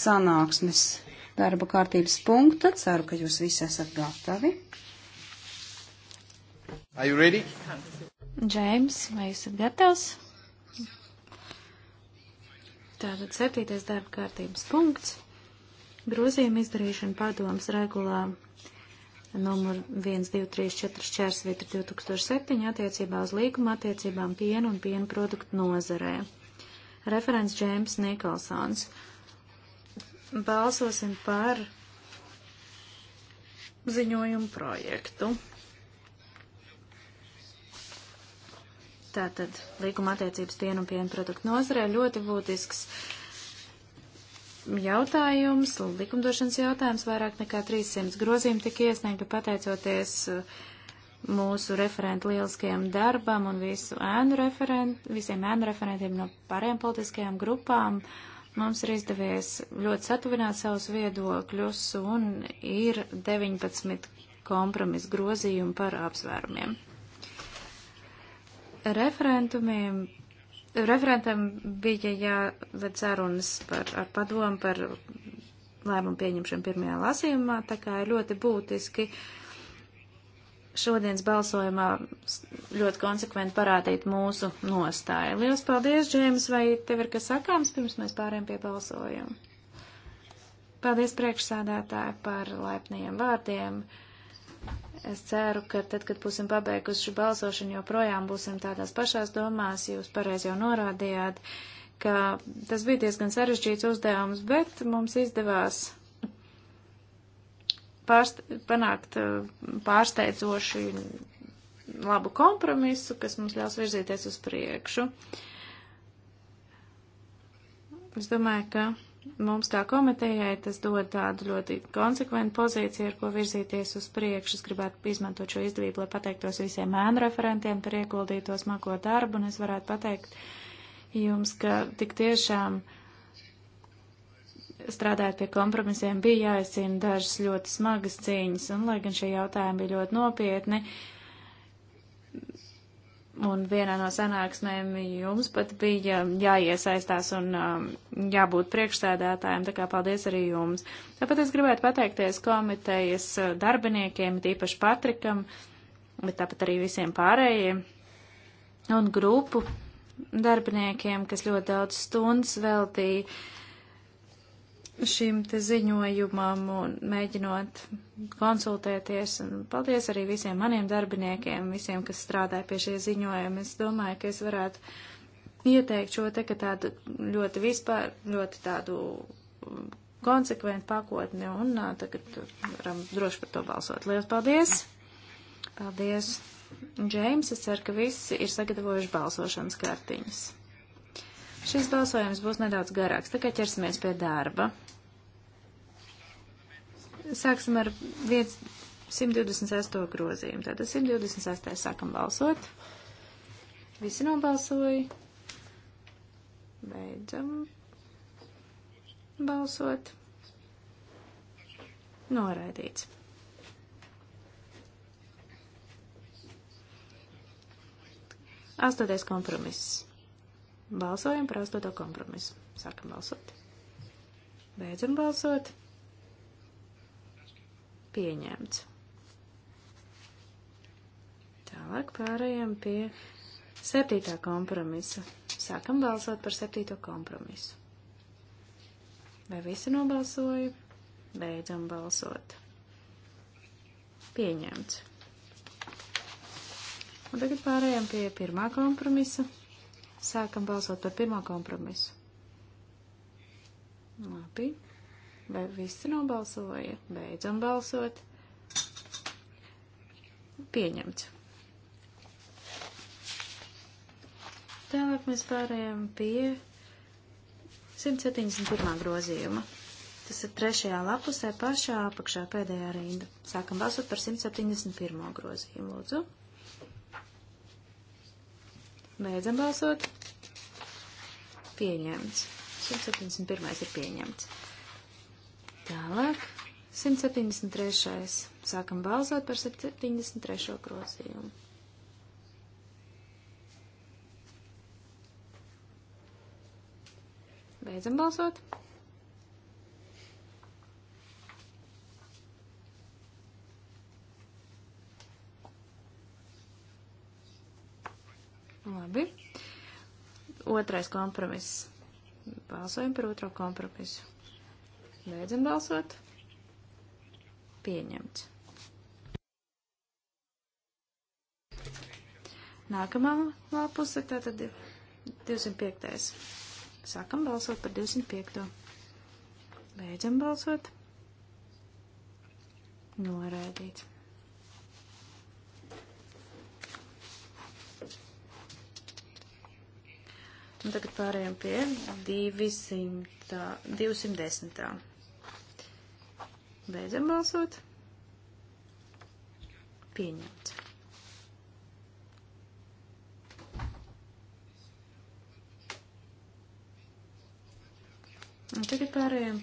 sanāksmes darba kārtības punkta. Ceru, ka jūs visi esat gatavi. Are you ready? Džēms, vai esat gatavs? Tātad septītais darba kārtības punkts. Grozījuma izdarīšana padomas regulā numur 1234 vietu 2007 attiecībā uz līguma attiecībām pienu un pienu produktu nozarē. Referents Džēms Nikolsons. Balsosim par ziņojumu projektu. Tātad līguma attiecības pienu un pienu produktu nozarē ļoti būtisks uh, jautājums, likumdošanas jautājums, vairāk nekā 300 grozījumi tika iesniegti pateicoties uh, mūsu referentu lieliskajam darbam un visu ēnu referent, visiem ēnu referentiem no pārējām politiskajām grupām. Mums ir izdevies ļoti satuvināt savus viedokļus un ir 19 kompromis grozījumi par apsvērumiem. Referentumiem Referentam bija jāved sarunas par, ar padomu par lēmumu pieņemšanu pirmajā lasījumā, tā kā ir ļoti būtiski šodienas balsojumā ļoti konsekventi parādīt mūsu nostāju. Lielas paldies, Džēms, vai tev ir kas sakāms, pirms mēs pārējām pie balsojuma? Paldies priekšsādātāji par laipniem vārdiem. Es ceru, ka tad, kad būsim pabeiguši balsošanu, joprojām būsim tādās pašās domās. Jūs pareizi jau norādījāt, ka tas bija diezgan sarežģīts uzdevums, bet mums izdevās pārst panākt uh, pārsteidzoši labu kompromisu, kas mums ļaus virzīties uz priekšu. Es domāju, ka mums kā komitejai tas dod tādu ļoti konsekventu pozīciju, ar ko virzīties uz priekšu. Es gribētu izmantot šo izdevību, lai pateiktos visiem ēnu referentiem par ieguldīto smago darbu, un es varētu pateikt jums, ka tik tiešām strādājot pie kompromisiem bija jāizcīna dažas ļoti smagas cīņas, un lai gan šie jautājumi bija ļoti nopietni, Un vienā no sanāksmēm jums pat bija jāiesaistās un um, jābūt priekšsēdētājiem, tā kā paldies arī jums. Tāpēc es gribētu pateikties komitejas uh, darbiniekiem, tīpaši Patrikam, bet tāpat arī visiem pārējiem un grupu darbiniekiem, kas ļoti daudz stundas veltīja šim te ziņojumam un mēģinot konsultēties. Un paldies arī visiem maniem darbiniekiem, visiem, kas strādāja pie šie ziņojumi. Es domāju, ka es varētu ieteikt šo te, ka tādu ļoti vispār, ļoti tādu konsekventu pakotni un tagad varam droši par to balsot. Lielas paldies! Paldies, Džeims! Es ceru, ka visi ir sagatavojuši balsošanas kartiņas. Šis balsojums būs nedaudz garāks, tagad ķersimies pie darba. Sāksim ar 128 grozījumu. Tātad 128. sākam balsot. Visi nobalsoja. Beidzam balsot. Noraidīts. Astoties kompromiss. Balsojam par astoto kompromisu. Sākam balsot. Beidzam balsot. Pieņemts. Tālāk pārējām pie septītā kompromisa. Sākam balsot par septīto kompromisu. Vai visi nobalsoju? Beidzam balsot. Pieņemts. Un tagad pārējām pie pirmā kompromisa. Sākam balsot par pirmo kompromisu. Labi. Vai visi nobalsoja? Beidzam balsot. Pieņemts. Tālāk mēs pārējām pie 171. grozījuma. Tas ir trešajā lapusē pašā apakšā pēdējā rinda. Sākam balsot par 171. grozījumu, lūdzu. Beidzam balsot. Pieņemts. 171. ir pieņemts. Tālāk. 173. Sākam balsot par 73. grozījumu. Beidzam balsot. Labi. Otrais kompromiss. Balsojam par otro kompromisu. Beidzam balsot. Pieņemts. Nākamā lapuse, tātad 205. Sākam balsot par 205. Beidzam balsot. Noraidīts. Un tagad pārējām pie 200, 210. Beidzam balsot. Pieņemts. Un tagad pārējām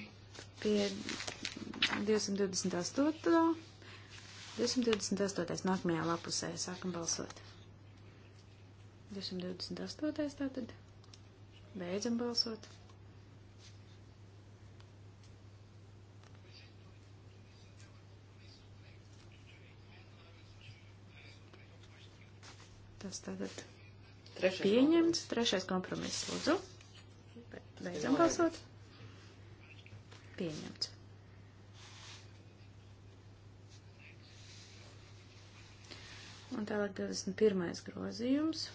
pie 228. 228. nākamajā lapusē sākam balsot. 228. tātad. Beidzam balsot. Tas tātad trešais pieņemts. Kompromiss. Trešais kompromiss, lūdzu. Beidzam balsot. Pieņemts. Un tālāk 21. grozījums.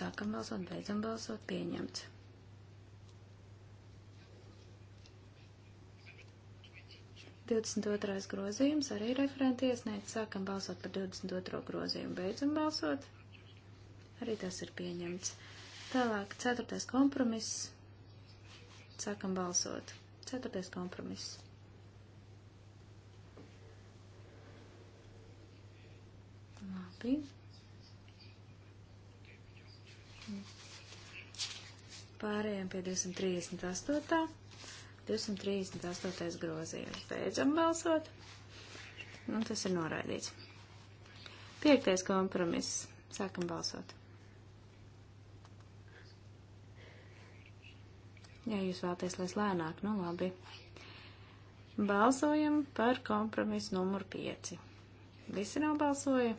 Sākam balsot, beidzam balsot, pieņemts. 22. grozījums arī referenti iesniegt. Sākam balsot par 22. grozījumu, beidzam balsot. Arī tas ir pieņemts. Tālāk, 4. kompromiss. Sākam balsot. 4. kompromiss. Labi. Pārējām pie 238. 238. grozījums. Beidzam balsot. Un nu, tas ir noraidīts. Piektais kompromiss. Sākam balsot. Ja jūs vēlaties, lai es lēnāk, nu labi. Balsojam par kompromisu numuru 5. Visi nav balsoja.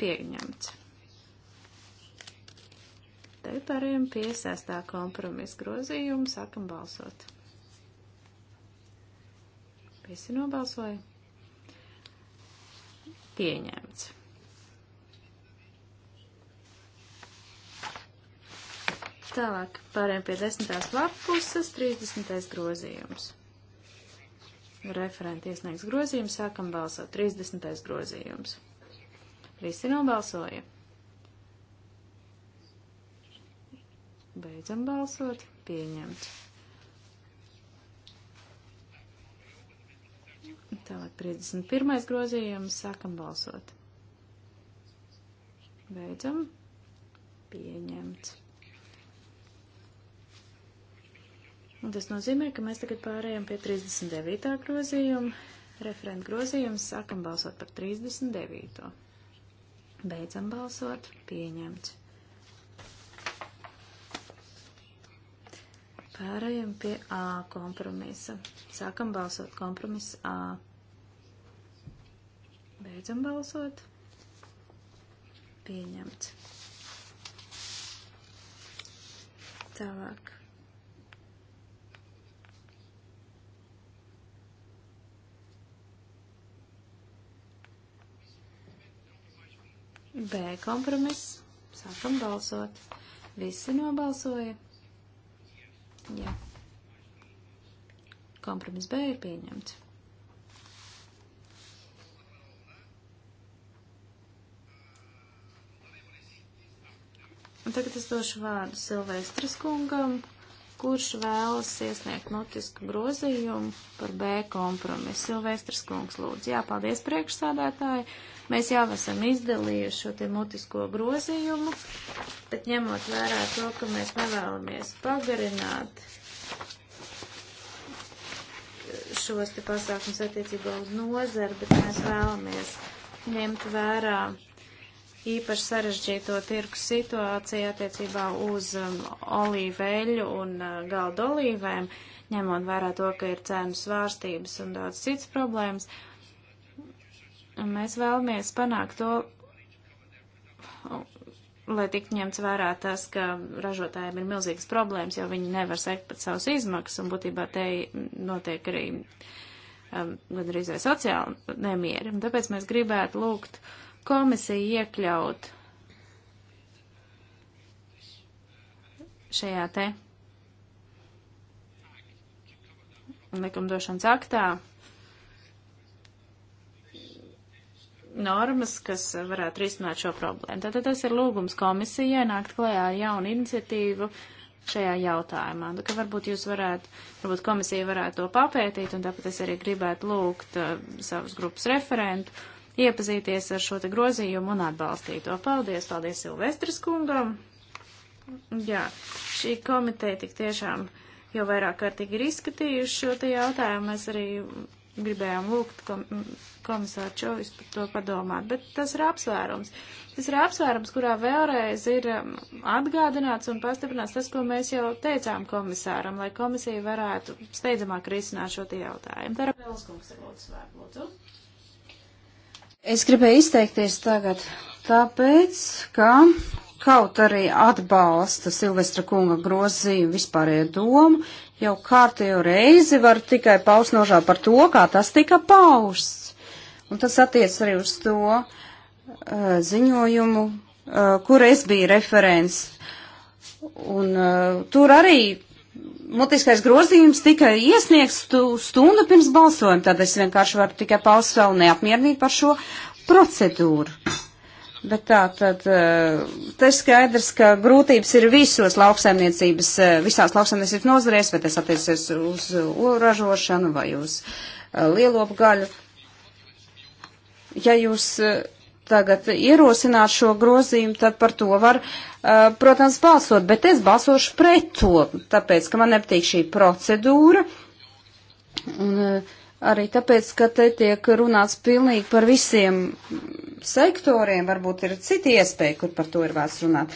Pieņemts. Tagad pārējiem pie sestā kompromisa grozījuma, sākam balsot. Visi nobalsoja. Pieņemts. Tālāk pārējiem pie desmitās lapuses, 30. grozījums. Referenti iesniegs grozījums, sākam balsot. 30. grozījums. Visi nobalsoja. Beidzam balsot. Pieņemts. Tālāk 51. grozījums. Sākam balsot. Beidzam. Pieņemts. Un tas nozīmē, ka mēs tagad pārējām pie 39. grozījuma. Referenta grozījums sākam balsot par 39. Beidzam balsot. Pieņemts. Pārējiem pie A kompromisa. Sākam balsot kompromiss A. Beidzam balsot. Pieņemts. Tālāk. B kompromiss. Sākam balsot. Visi nobalsoja. Jā. Kompromiss B ir pieņemts. Un tagad es došu vārdu Silvestras kungam, kurš vēlas iesniegt notisku grozījumu par B kompromisu. Silvestras kungs lūdzu. Jā, paldies priekšsādātāji. Uh, Mēs jau esam izdalījuši šo te mutisko grozījumu, bet ņemot vērā to, ka mēs nevēlamies pagarināt šos te pasākums attiecībā uz nozaru, bet mēs vēlamies ņemt vērā īpaši sarežģīto tirku situāciju attiecībā uz um, olīveļu un uh, galda olīvēm, ņemot vērā to, ka ir cenu svārstības un daudz cits problēmas. Uh, Un mēs vēlamies panākt to, lai tik ņemts vērā tas, ka ražotājiem ir milzīgas problēmas, jo viņi nevar sekt pat savus izmaksas, un būtībā te notiek arī um, gandrīz vai sociāli nemieri. Un tāpēc mēs gribētu lūgt komisiju iekļaut šajā te likumdošanas aktā normas, kas varētu risināt šo problēmu. Tātad tas ir lūgums komisijai nākt klajā ar jaunu iniciatīvu šajā jautājumā. Tā nu, kā varbūt jūs varētu, varbūt komisija varētu to papētīt, un tāpēc es arī gribētu lūgt uh, savus grupas referentu iepazīties ar šo te grozījumu un atbalstīt to. Paldies, paldies Silvestris kungam. Jā, šī komiteja tik tiešām jau vairāk kārtīgi ir izskatījuši šo te jautājumu. Mēs arī gribējām lūgt kom komisāru Čovis par to padomāt, bet tas ir apsvērums. Tas ir apsvērums, kurā vēlreiz ir um, atgādināts un pastiprināts tas, ko mēs jau teicām komisāram, lai komisija varētu steidzamāk risināt šo tie jautājumu. Tā ir Pelskungs, lūdzu, lūdzu. Es gribēju izteikties tagad, tāpēc, ka kaut arī atbalsta Silvestra kunga grozījumu vispārējo domu, jau kārtējo reizi var tikai paust nožēlu par to, kā tas tika pausts. Un tas attiec arī uz to uh, ziņojumu, uh, kur es biju referents. Un uh, tur arī mutiskais grozījums tika iesniegts stundu pirms balsojuma, tad es vienkārši varu tikai paust savu neapmierinību par šo procedūru. Bet tā tad, eh, te skaidrs, ka grūtības ir visos lauksaimniecības, eh, visās lauksaimniecības nozarēs, vai tas attiecies uz ražošanu vai uz eh, lielopu gaļu. Ja jūs tagad ierosināt šo grozījumu, tad par to var, protams, balsot, bet es balsošu pret to, tāpēc, ka man nepatīk šī procedūra. Un, uh, Arī tāpēc, ka te tiek runāts pilnīgi par visiem sektoriem, varbūt ir citi iespēja, kur par to ir vērts runāt.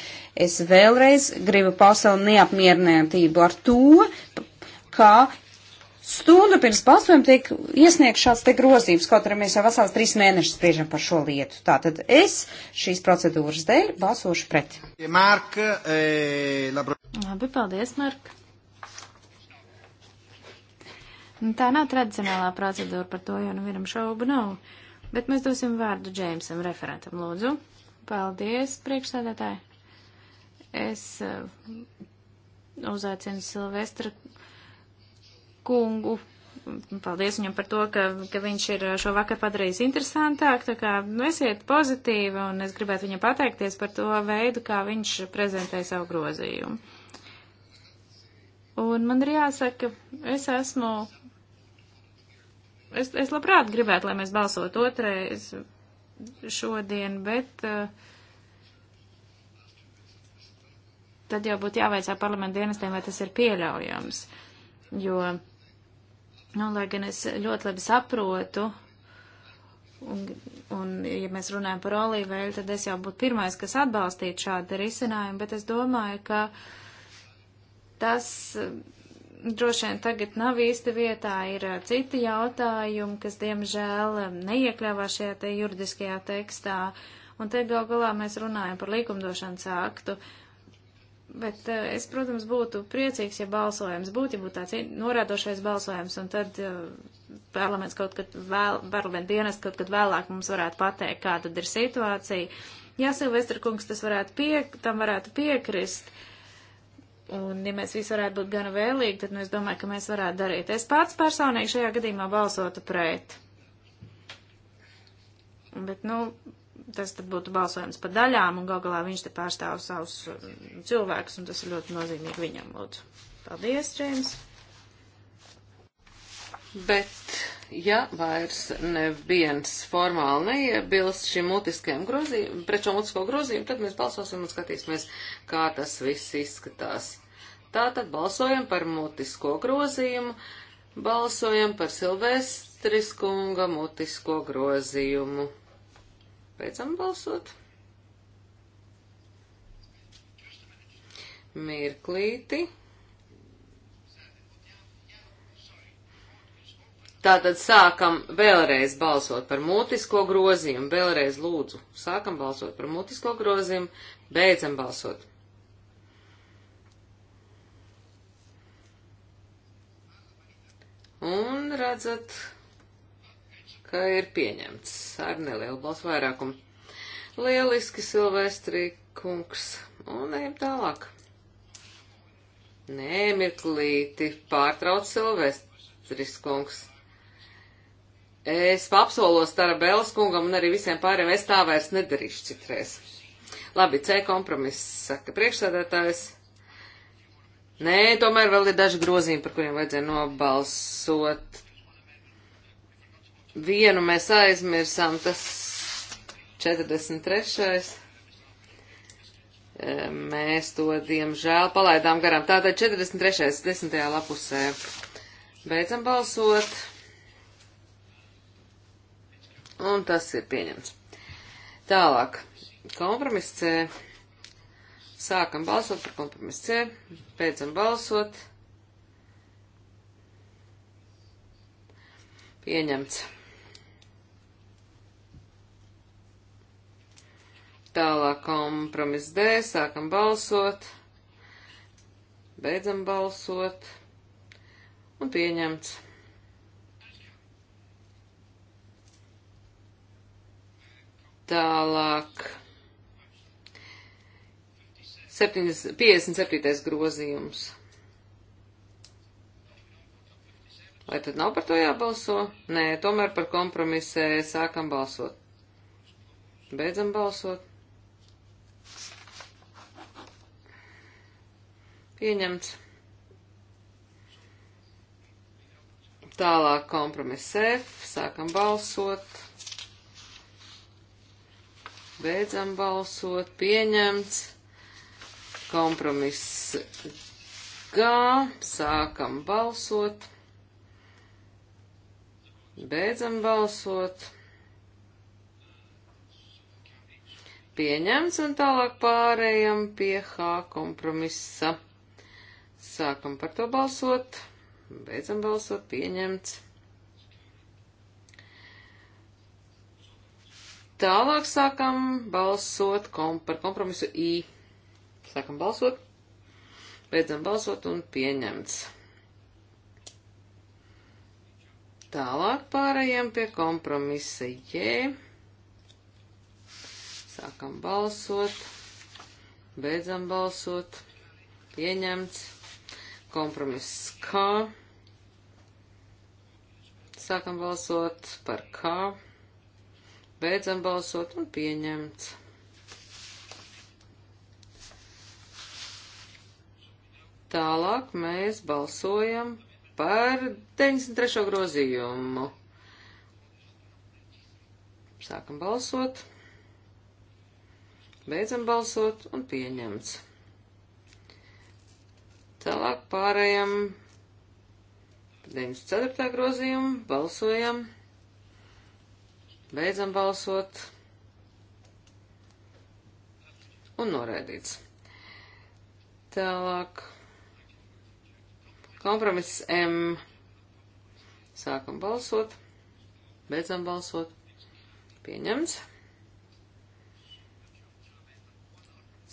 Es vēlreiz gribu pasauli neapmierinātību ar to, kā stundu pirms balsojuma tiek iesniegts šāds te grozījums, kaut arī mēs jau vesels trīs mēnešus spriežam par šo lietu. Tātad es šīs procedūras dēļ balsošu pret. Mark, e, Labi, paldies, Mark. Nu, tā nav tradicionālā procedūra, par to jau nu vienam šaubu nav. Bet mēs dosim vārdu Džeimsam, referentam, lūdzu. Paldies, priekšsēdētāji. Es uh, uzaicinu Silvestra kungu. Paldies viņam par to, ka, ka viņš ir eh, šo vakar padarījis interesantāk. Tā kā nu, esiet pozitīvi un es gribētu viņam pateikties par to veidu, kā viņš prezentē savu grozījumu. Un man ir jāsaka, es esmu es, es labprāt gribētu, lai mēs balsotu otrais šodien, bet eh, tad jau būtu jāveicā parlamentu dienestiem, vai tas ir pieļaujams. Jo, nu, lai gan es ļoti labi saprotu, un, un ja mēs runājam par olīveļu, tad es jau būtu pirmais, kas atbalstītu šādu risinājumu, bet es domāju, ka tas droši vien tagad nav īsti vietā, ir citi jautājumi, kas diemžēl neiekļāvā šajā te juridiskajā tekstā, un te gal galā mēs runājam par likumdošanas aktu. Bet es, protams, būtu priecīgs, ja balsojums būtu, ja būtu tāds norādošais balsojums, un tad parlaments kaut kad vēl, parlamenta dienas kaut kad vēlāk mums varētu pateikt, kāda ir situācija. Ja Silvestra kungs tas varētu piek, tam varētu piekrist, uh, Un, ja mēs visi varētu būt gana vēlīgi, tad nu, es domāju, ka mēs varētu darīt. Es pats personīgi šajā gadījumā balsotu pret. Bet, nu, tas tad būtu balsojums pa daļām, un gal galā viņš te pārstāv savus mm, cilvēkus, un tas ir ļoti nozīmīgi viņam. Lūdzu. Paldies, Džeims! Bet Ja vairs neviens formāli neiebilst šim mutiskajam grozījumam, pret šo mutisko grozījumu, tad mēs balsosim un skatīsimies, kā tas viss izskatās. Tātad balsojam par mutisko grozījumu, balsojam par Silvestriskunga mutisko grozījumu. Beidzam balsot. Mirklīti. Tātad sākam vēlreiz balsot par mutisko grozījumu, vēlreiz lūdzu, sākam balsot par mutisko grozījumu, beidzam balsot. Un redzat, ka ir pieņemts ar nelielu balsu vairākumu. Lieliski, Silvestrī kungs, un ejam tālāk. Nē, mirklīti, pārtrauc Silvestris kungs. Es apsolos Tarabēlas kungam un arī visiem pāriem, es tā vairs nedarīšu citreiz. Labi, C kompromiss, saka priekšsēdētājs. Nē, tomēr vēl ir daži grozījumi, par kuriem vajadzēja nobalsot. Vienu mēs aizmirsām, tas 43. Ehm, mēs to, diemžēl, palaidām garām. Tātad 43. 10. lapusē. Beidzam balsot. Un tas ir pieņemts. Tālāk. Kompromiss C. Sākam balsot par kompromisu C. Beidzam balsot. Pieņemts. Tālāk kompromiss D. Sākam balsot. Beidzam balsot. Un pieņemts. Tālāk. 57. grozījums. Vai tad nav par to jābalso? Nē, tomēr par kompromisē sākam balsot. Beidzam balsot. Pieņemts. Tālāk kompromisē, sākam balsot. Beidzam balsot. Pieņemts. Kompromiss G. Sākam balsot. Beidzam balsot. Pieņemts un tālāk pārējam pie H kompromisa. Sākam par to balsot. Beidzam balsot. Pieņemts. Tālāk sākam balsot kom par kompromisu I. Sākam balsot, beidzam balsot un pieņemts. Tālāk pārējām pie kompromisa J. Sākam balsot, beidzam balsot, pieņemts. Kompromiss K. Sākam balsot par K Beidzam balsot un pieņemts. Tālāk mēs balsojam par 93. grozījumu. Sākam balsot, beidzam balsot un pieņemts. Tālāk pārējam 94. grozījumu, balsojam. Beidzam balsot. Un noraidīts. Tālāk. Kompromiss M. Sākam balsot. Beidzam balsot. Pieņemts.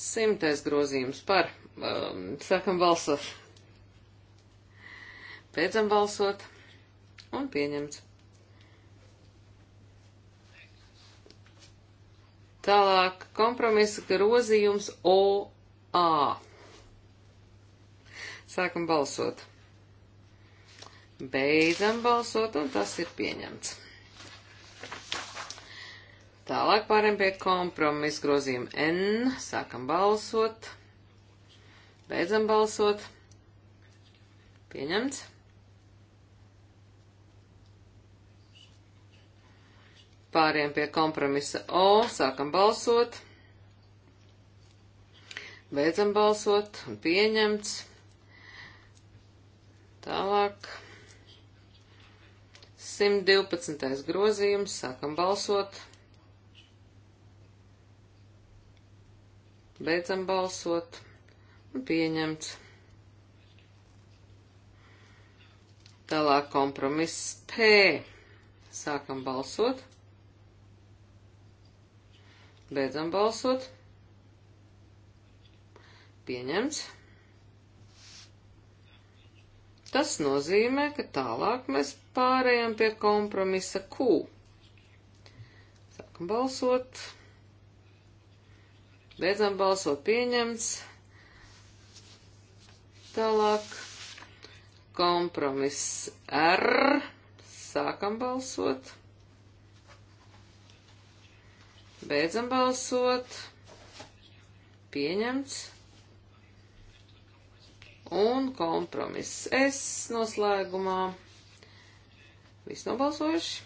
Simtais grozījums par. Um, sākam balsot. Beidzam balsot. Un pieņemts. Tālāk kompromisa grozījums OA. Sākam balsot. Beidzam balsot, un tas ir pieņemts. Tālāk pārējām pie kompromisa grozījuma N. Sākam balsot. Beidzam balsot. Pieņemts. Pāriem pie kompromisa O, sākam balsot, beidzam balsot un pieņemts. Tālāk. 112. grozījums, sākam balsot. Beidzam balsot un pieņemts. Tālāk kompromiss P. Sākam balsot. Beidzam balsot. Pieņemts. Tas nozīmē, ka tālāk mēs pārējām pie kompromisa Q. Sākam balsot. Beidzam balsot pieņemts. Tālāk kompromiss R. Sākam balsot. Beidzam balsot. Pieņemts. Un kompromiss S noslēgumā. Viss nobalsojuši.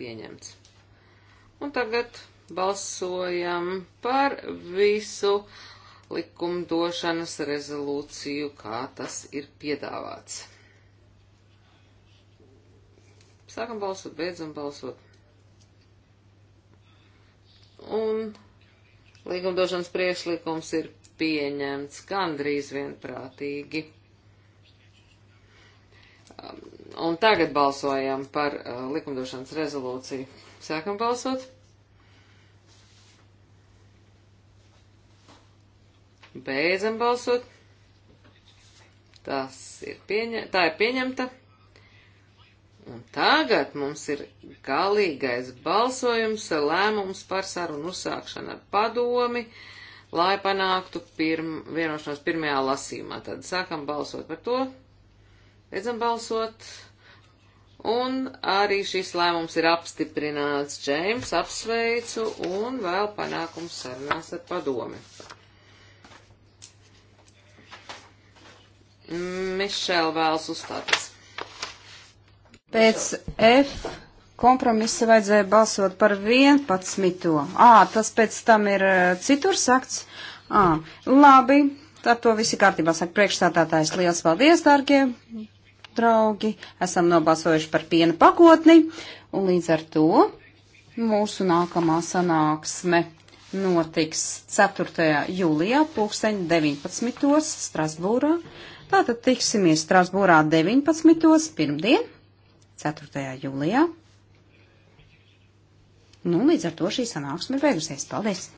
Pieņemts. Un tagad balsojam par visu likumdošanas rezolūciju, kā tas ir piedāvāts. Sākam balsot, beidzam balsot un likumdošanas priekšlikums ir pieņemts gandrīz vienprātīgi. Um, un tagad balsojam par uh, likumdošanas rezolūciju. Sākam balsot. Beidzam balsot. Tas ir pieņemta. Tā ir pieņemta. Un tagad mums ir galīgais balsojums, lēmums par sarunu uzsākšanu ar padomi, lai panāktu pirm, vienošanos pirmajā lasīmā. Tad sākam balsot par to, beidzam balsot. Un arī šis lēmums ir apstiprināts. Džeims apsveicu un vēl panākums sarunās ar padomi. Mišēl vēlas uzstāties. Pēc F kompromisa vajadzēja balsot par 11. Ā, tas pēc tam ir citur sakts. Ā, labi, tad to visi kārtībā saka priekšstādātājs. Liels paldies, dārgie draugi. Esam nobalsojuši par piena pakotni. Un līdz ar to mūsu nākamā sanāksme notiks 4. jūlijā 2019. Strasbūrā. Tātad tiksimies Strasbūrā 19. pirmdien. 4. jūlijā. Nu, līdz ar to šī sanāksme ir beigusies. Paldies!